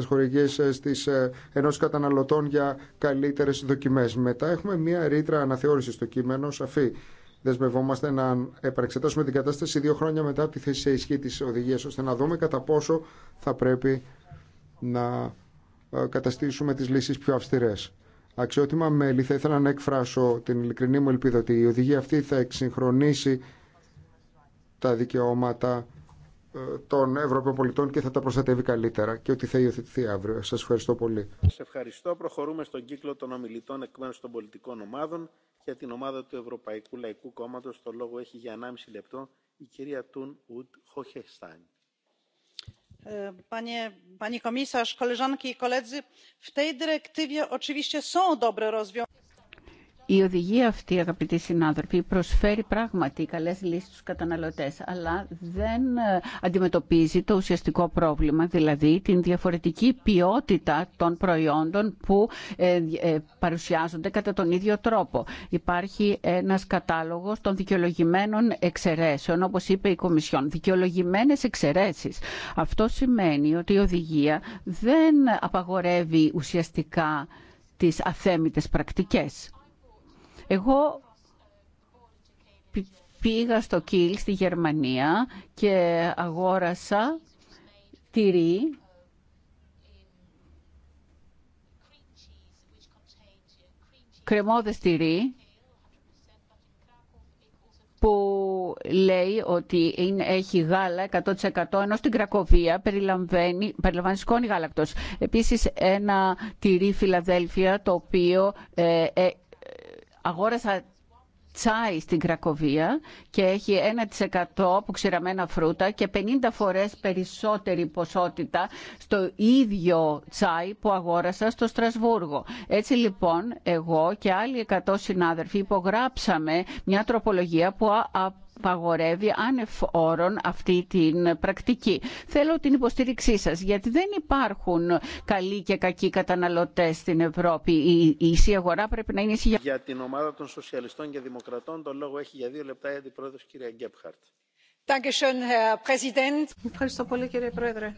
χορηγίες ε, στις ε, ενός καταναλωτών για καλύτερες δοκιμές. Μετά έχουμε μια ρήτρα αναθεώρηση στο κείμενο, σαφή. Δεσμευόμαστε να επαρεξετάσουμε την κατάσταση δύο χρόνια μετά από τη θέση σε ισχύ της οδηγίας, ώστε να δούμε κατά πόσο θα πρέπει να καταστήσουμε τις λύσεις πιο αυστηρές. Αξιότιμα μέλη, θα ήθελα να εκφράσω την ειλικρινή μου ελπίδα ότι η οδηγία αυτή θα εξυγχρονίσει τα δικαιώματα ε, των Ευρωπαίων πολιτών και θα τα προστατεύει καλύτερα και ότι θα υιοθετηθεί αύριο. Σας ευχαριστώ πολύ. Σας ευχαριστώ. Προχωρούμε στον κύκλο των ομιλητών εκ μέρους των πολιτικών ομάδων. Για την ομάδα του Ευρωπαϊκού Λαϊκού Κόμματος το λόγο έχει για 1,5 λεπτό η κυρία Τούν Ουτ Χοχεστάιν. Panie, pani komisarz, koleżanki i koledzy, w tej dyrektywie oczywiście są dobre rozwiązania. Η οδηγία αυτή, αγαπητοί συνάδελφοι, προσφέρει πράγματι καλέ λύσει στου καταναλωτές, αλλά δεν ε, αντιμετωπίζει το ουσιαστικό πρόβλημα, δηλαδή την διαφορετική ποιότητα των προϊόντων που ε, ε, παρουσιάζονται κατά τον ίδιο τρόπο. Υπάρχει ένας κατάλογος των δικαιολογημένων εξαιρέσεων, όπως είπε η Κομισιόν. Δικαιολογημένες εξαιρέσει. Αυτό σημαίνει ότι η οδηγία δεν απαγορεύει ουσιαστικά τι αθέμητε πρακτικέ. Εγώ πήγα στο Κίλ στη Γερμανία και αγόρασα τυρί κρεμόδες τυρί που λέει ότι είναι, έχει γάλα 100% ενώ στην Κρακοβία περιλαμβάνει, περιλαμβάνει σκόνη γάλακτος. Επίσης ένα τυρί Φιλαδέλφια το οποίο ε, ε, Αγόρασα τσάι στην Κρακοβία και έχει 1% από ξηραμένα φρούτα και 50 φορές περισσότερη ποσότητα στο ίδιο τσάι που αγόρασα στο Στρασβούργο. Έτσι λοιπόν εγώ και άλλοι 100 συνάδελφοι υπογράψαμε μια τροπολογία που ...παγορεύει άνευ όρων αυτή την πρακτική. Θέλω την υποστήριξή σας, γιατί δεν υπάρχουν καλοί και κακοί καταναλωτές στην Ευρώπη. Η ίση αγορά πρέπει να είναι ίση για... την ομάδα των Σοσιαλιστών και Δημοκρατών, το λόγο έχει για δύο λεπτά η Αντιπρόεδρος κυρία Γκέπχαρτ. Ευχαριστώ πολύ κύριε Πρόεδρε.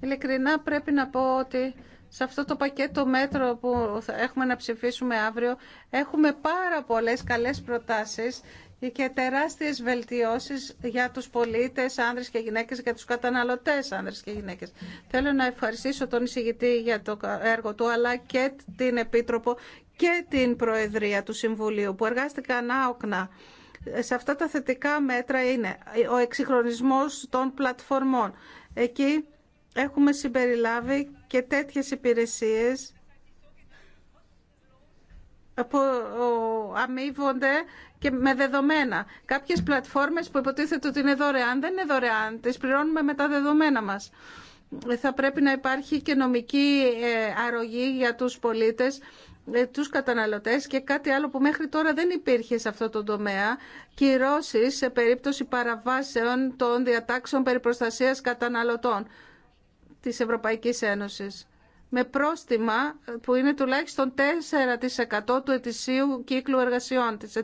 Ειλικρινά πρέπει να πω ότι σε αυτό το πακέτο μέτρο που έχουμε να ψηφίσουμε αύριο έχουμε πάρα πολλές καλές προτάσεις και τεράστιες βελτιώσεις για τους πολίτες, άνδρες και γυναίκες, για τους καταναλωτές, άνδρες και γυναίκες. Θέλω να ευχαριστήσω τον εισηγητή για το έργο του, αλλά και την Επίτροπο και την Προεδρία του Συμβουλίου, που εργάστηκαν άοκνα. Σε αυτά τα θετικά μέτρα είναι ο εξυγχρονισμός των πλατφορμών. Εκεί έχουμε συμπεριλάβει και τέτοιες υπηρεσίες που αμείβονται και με δεδομένα. Κάποιες πλατφόρμες που υποτίθεται ότι είναι δωρεάν, δεν είναι δωρεάν, τις πληρώνουμε με τα δεδομένα μας. Θα πρέπει να υπάρχει και νομική ε, αρρωγή για τους πολίτες, ε, τους καταναλωτές και κάτι άλλο που μέχρι τώρα δεν υπήρχε σε αυτό το τομέα, κυρώσεις σε περίπτωση παραβάσεων των διατάξεων περί προστασίας καταναλωτών της Ευρωπαϊκής Ένωσης με πρόστιμα που είναι τουλάχιστον 4% του ετησίου κύκλου εργασιών της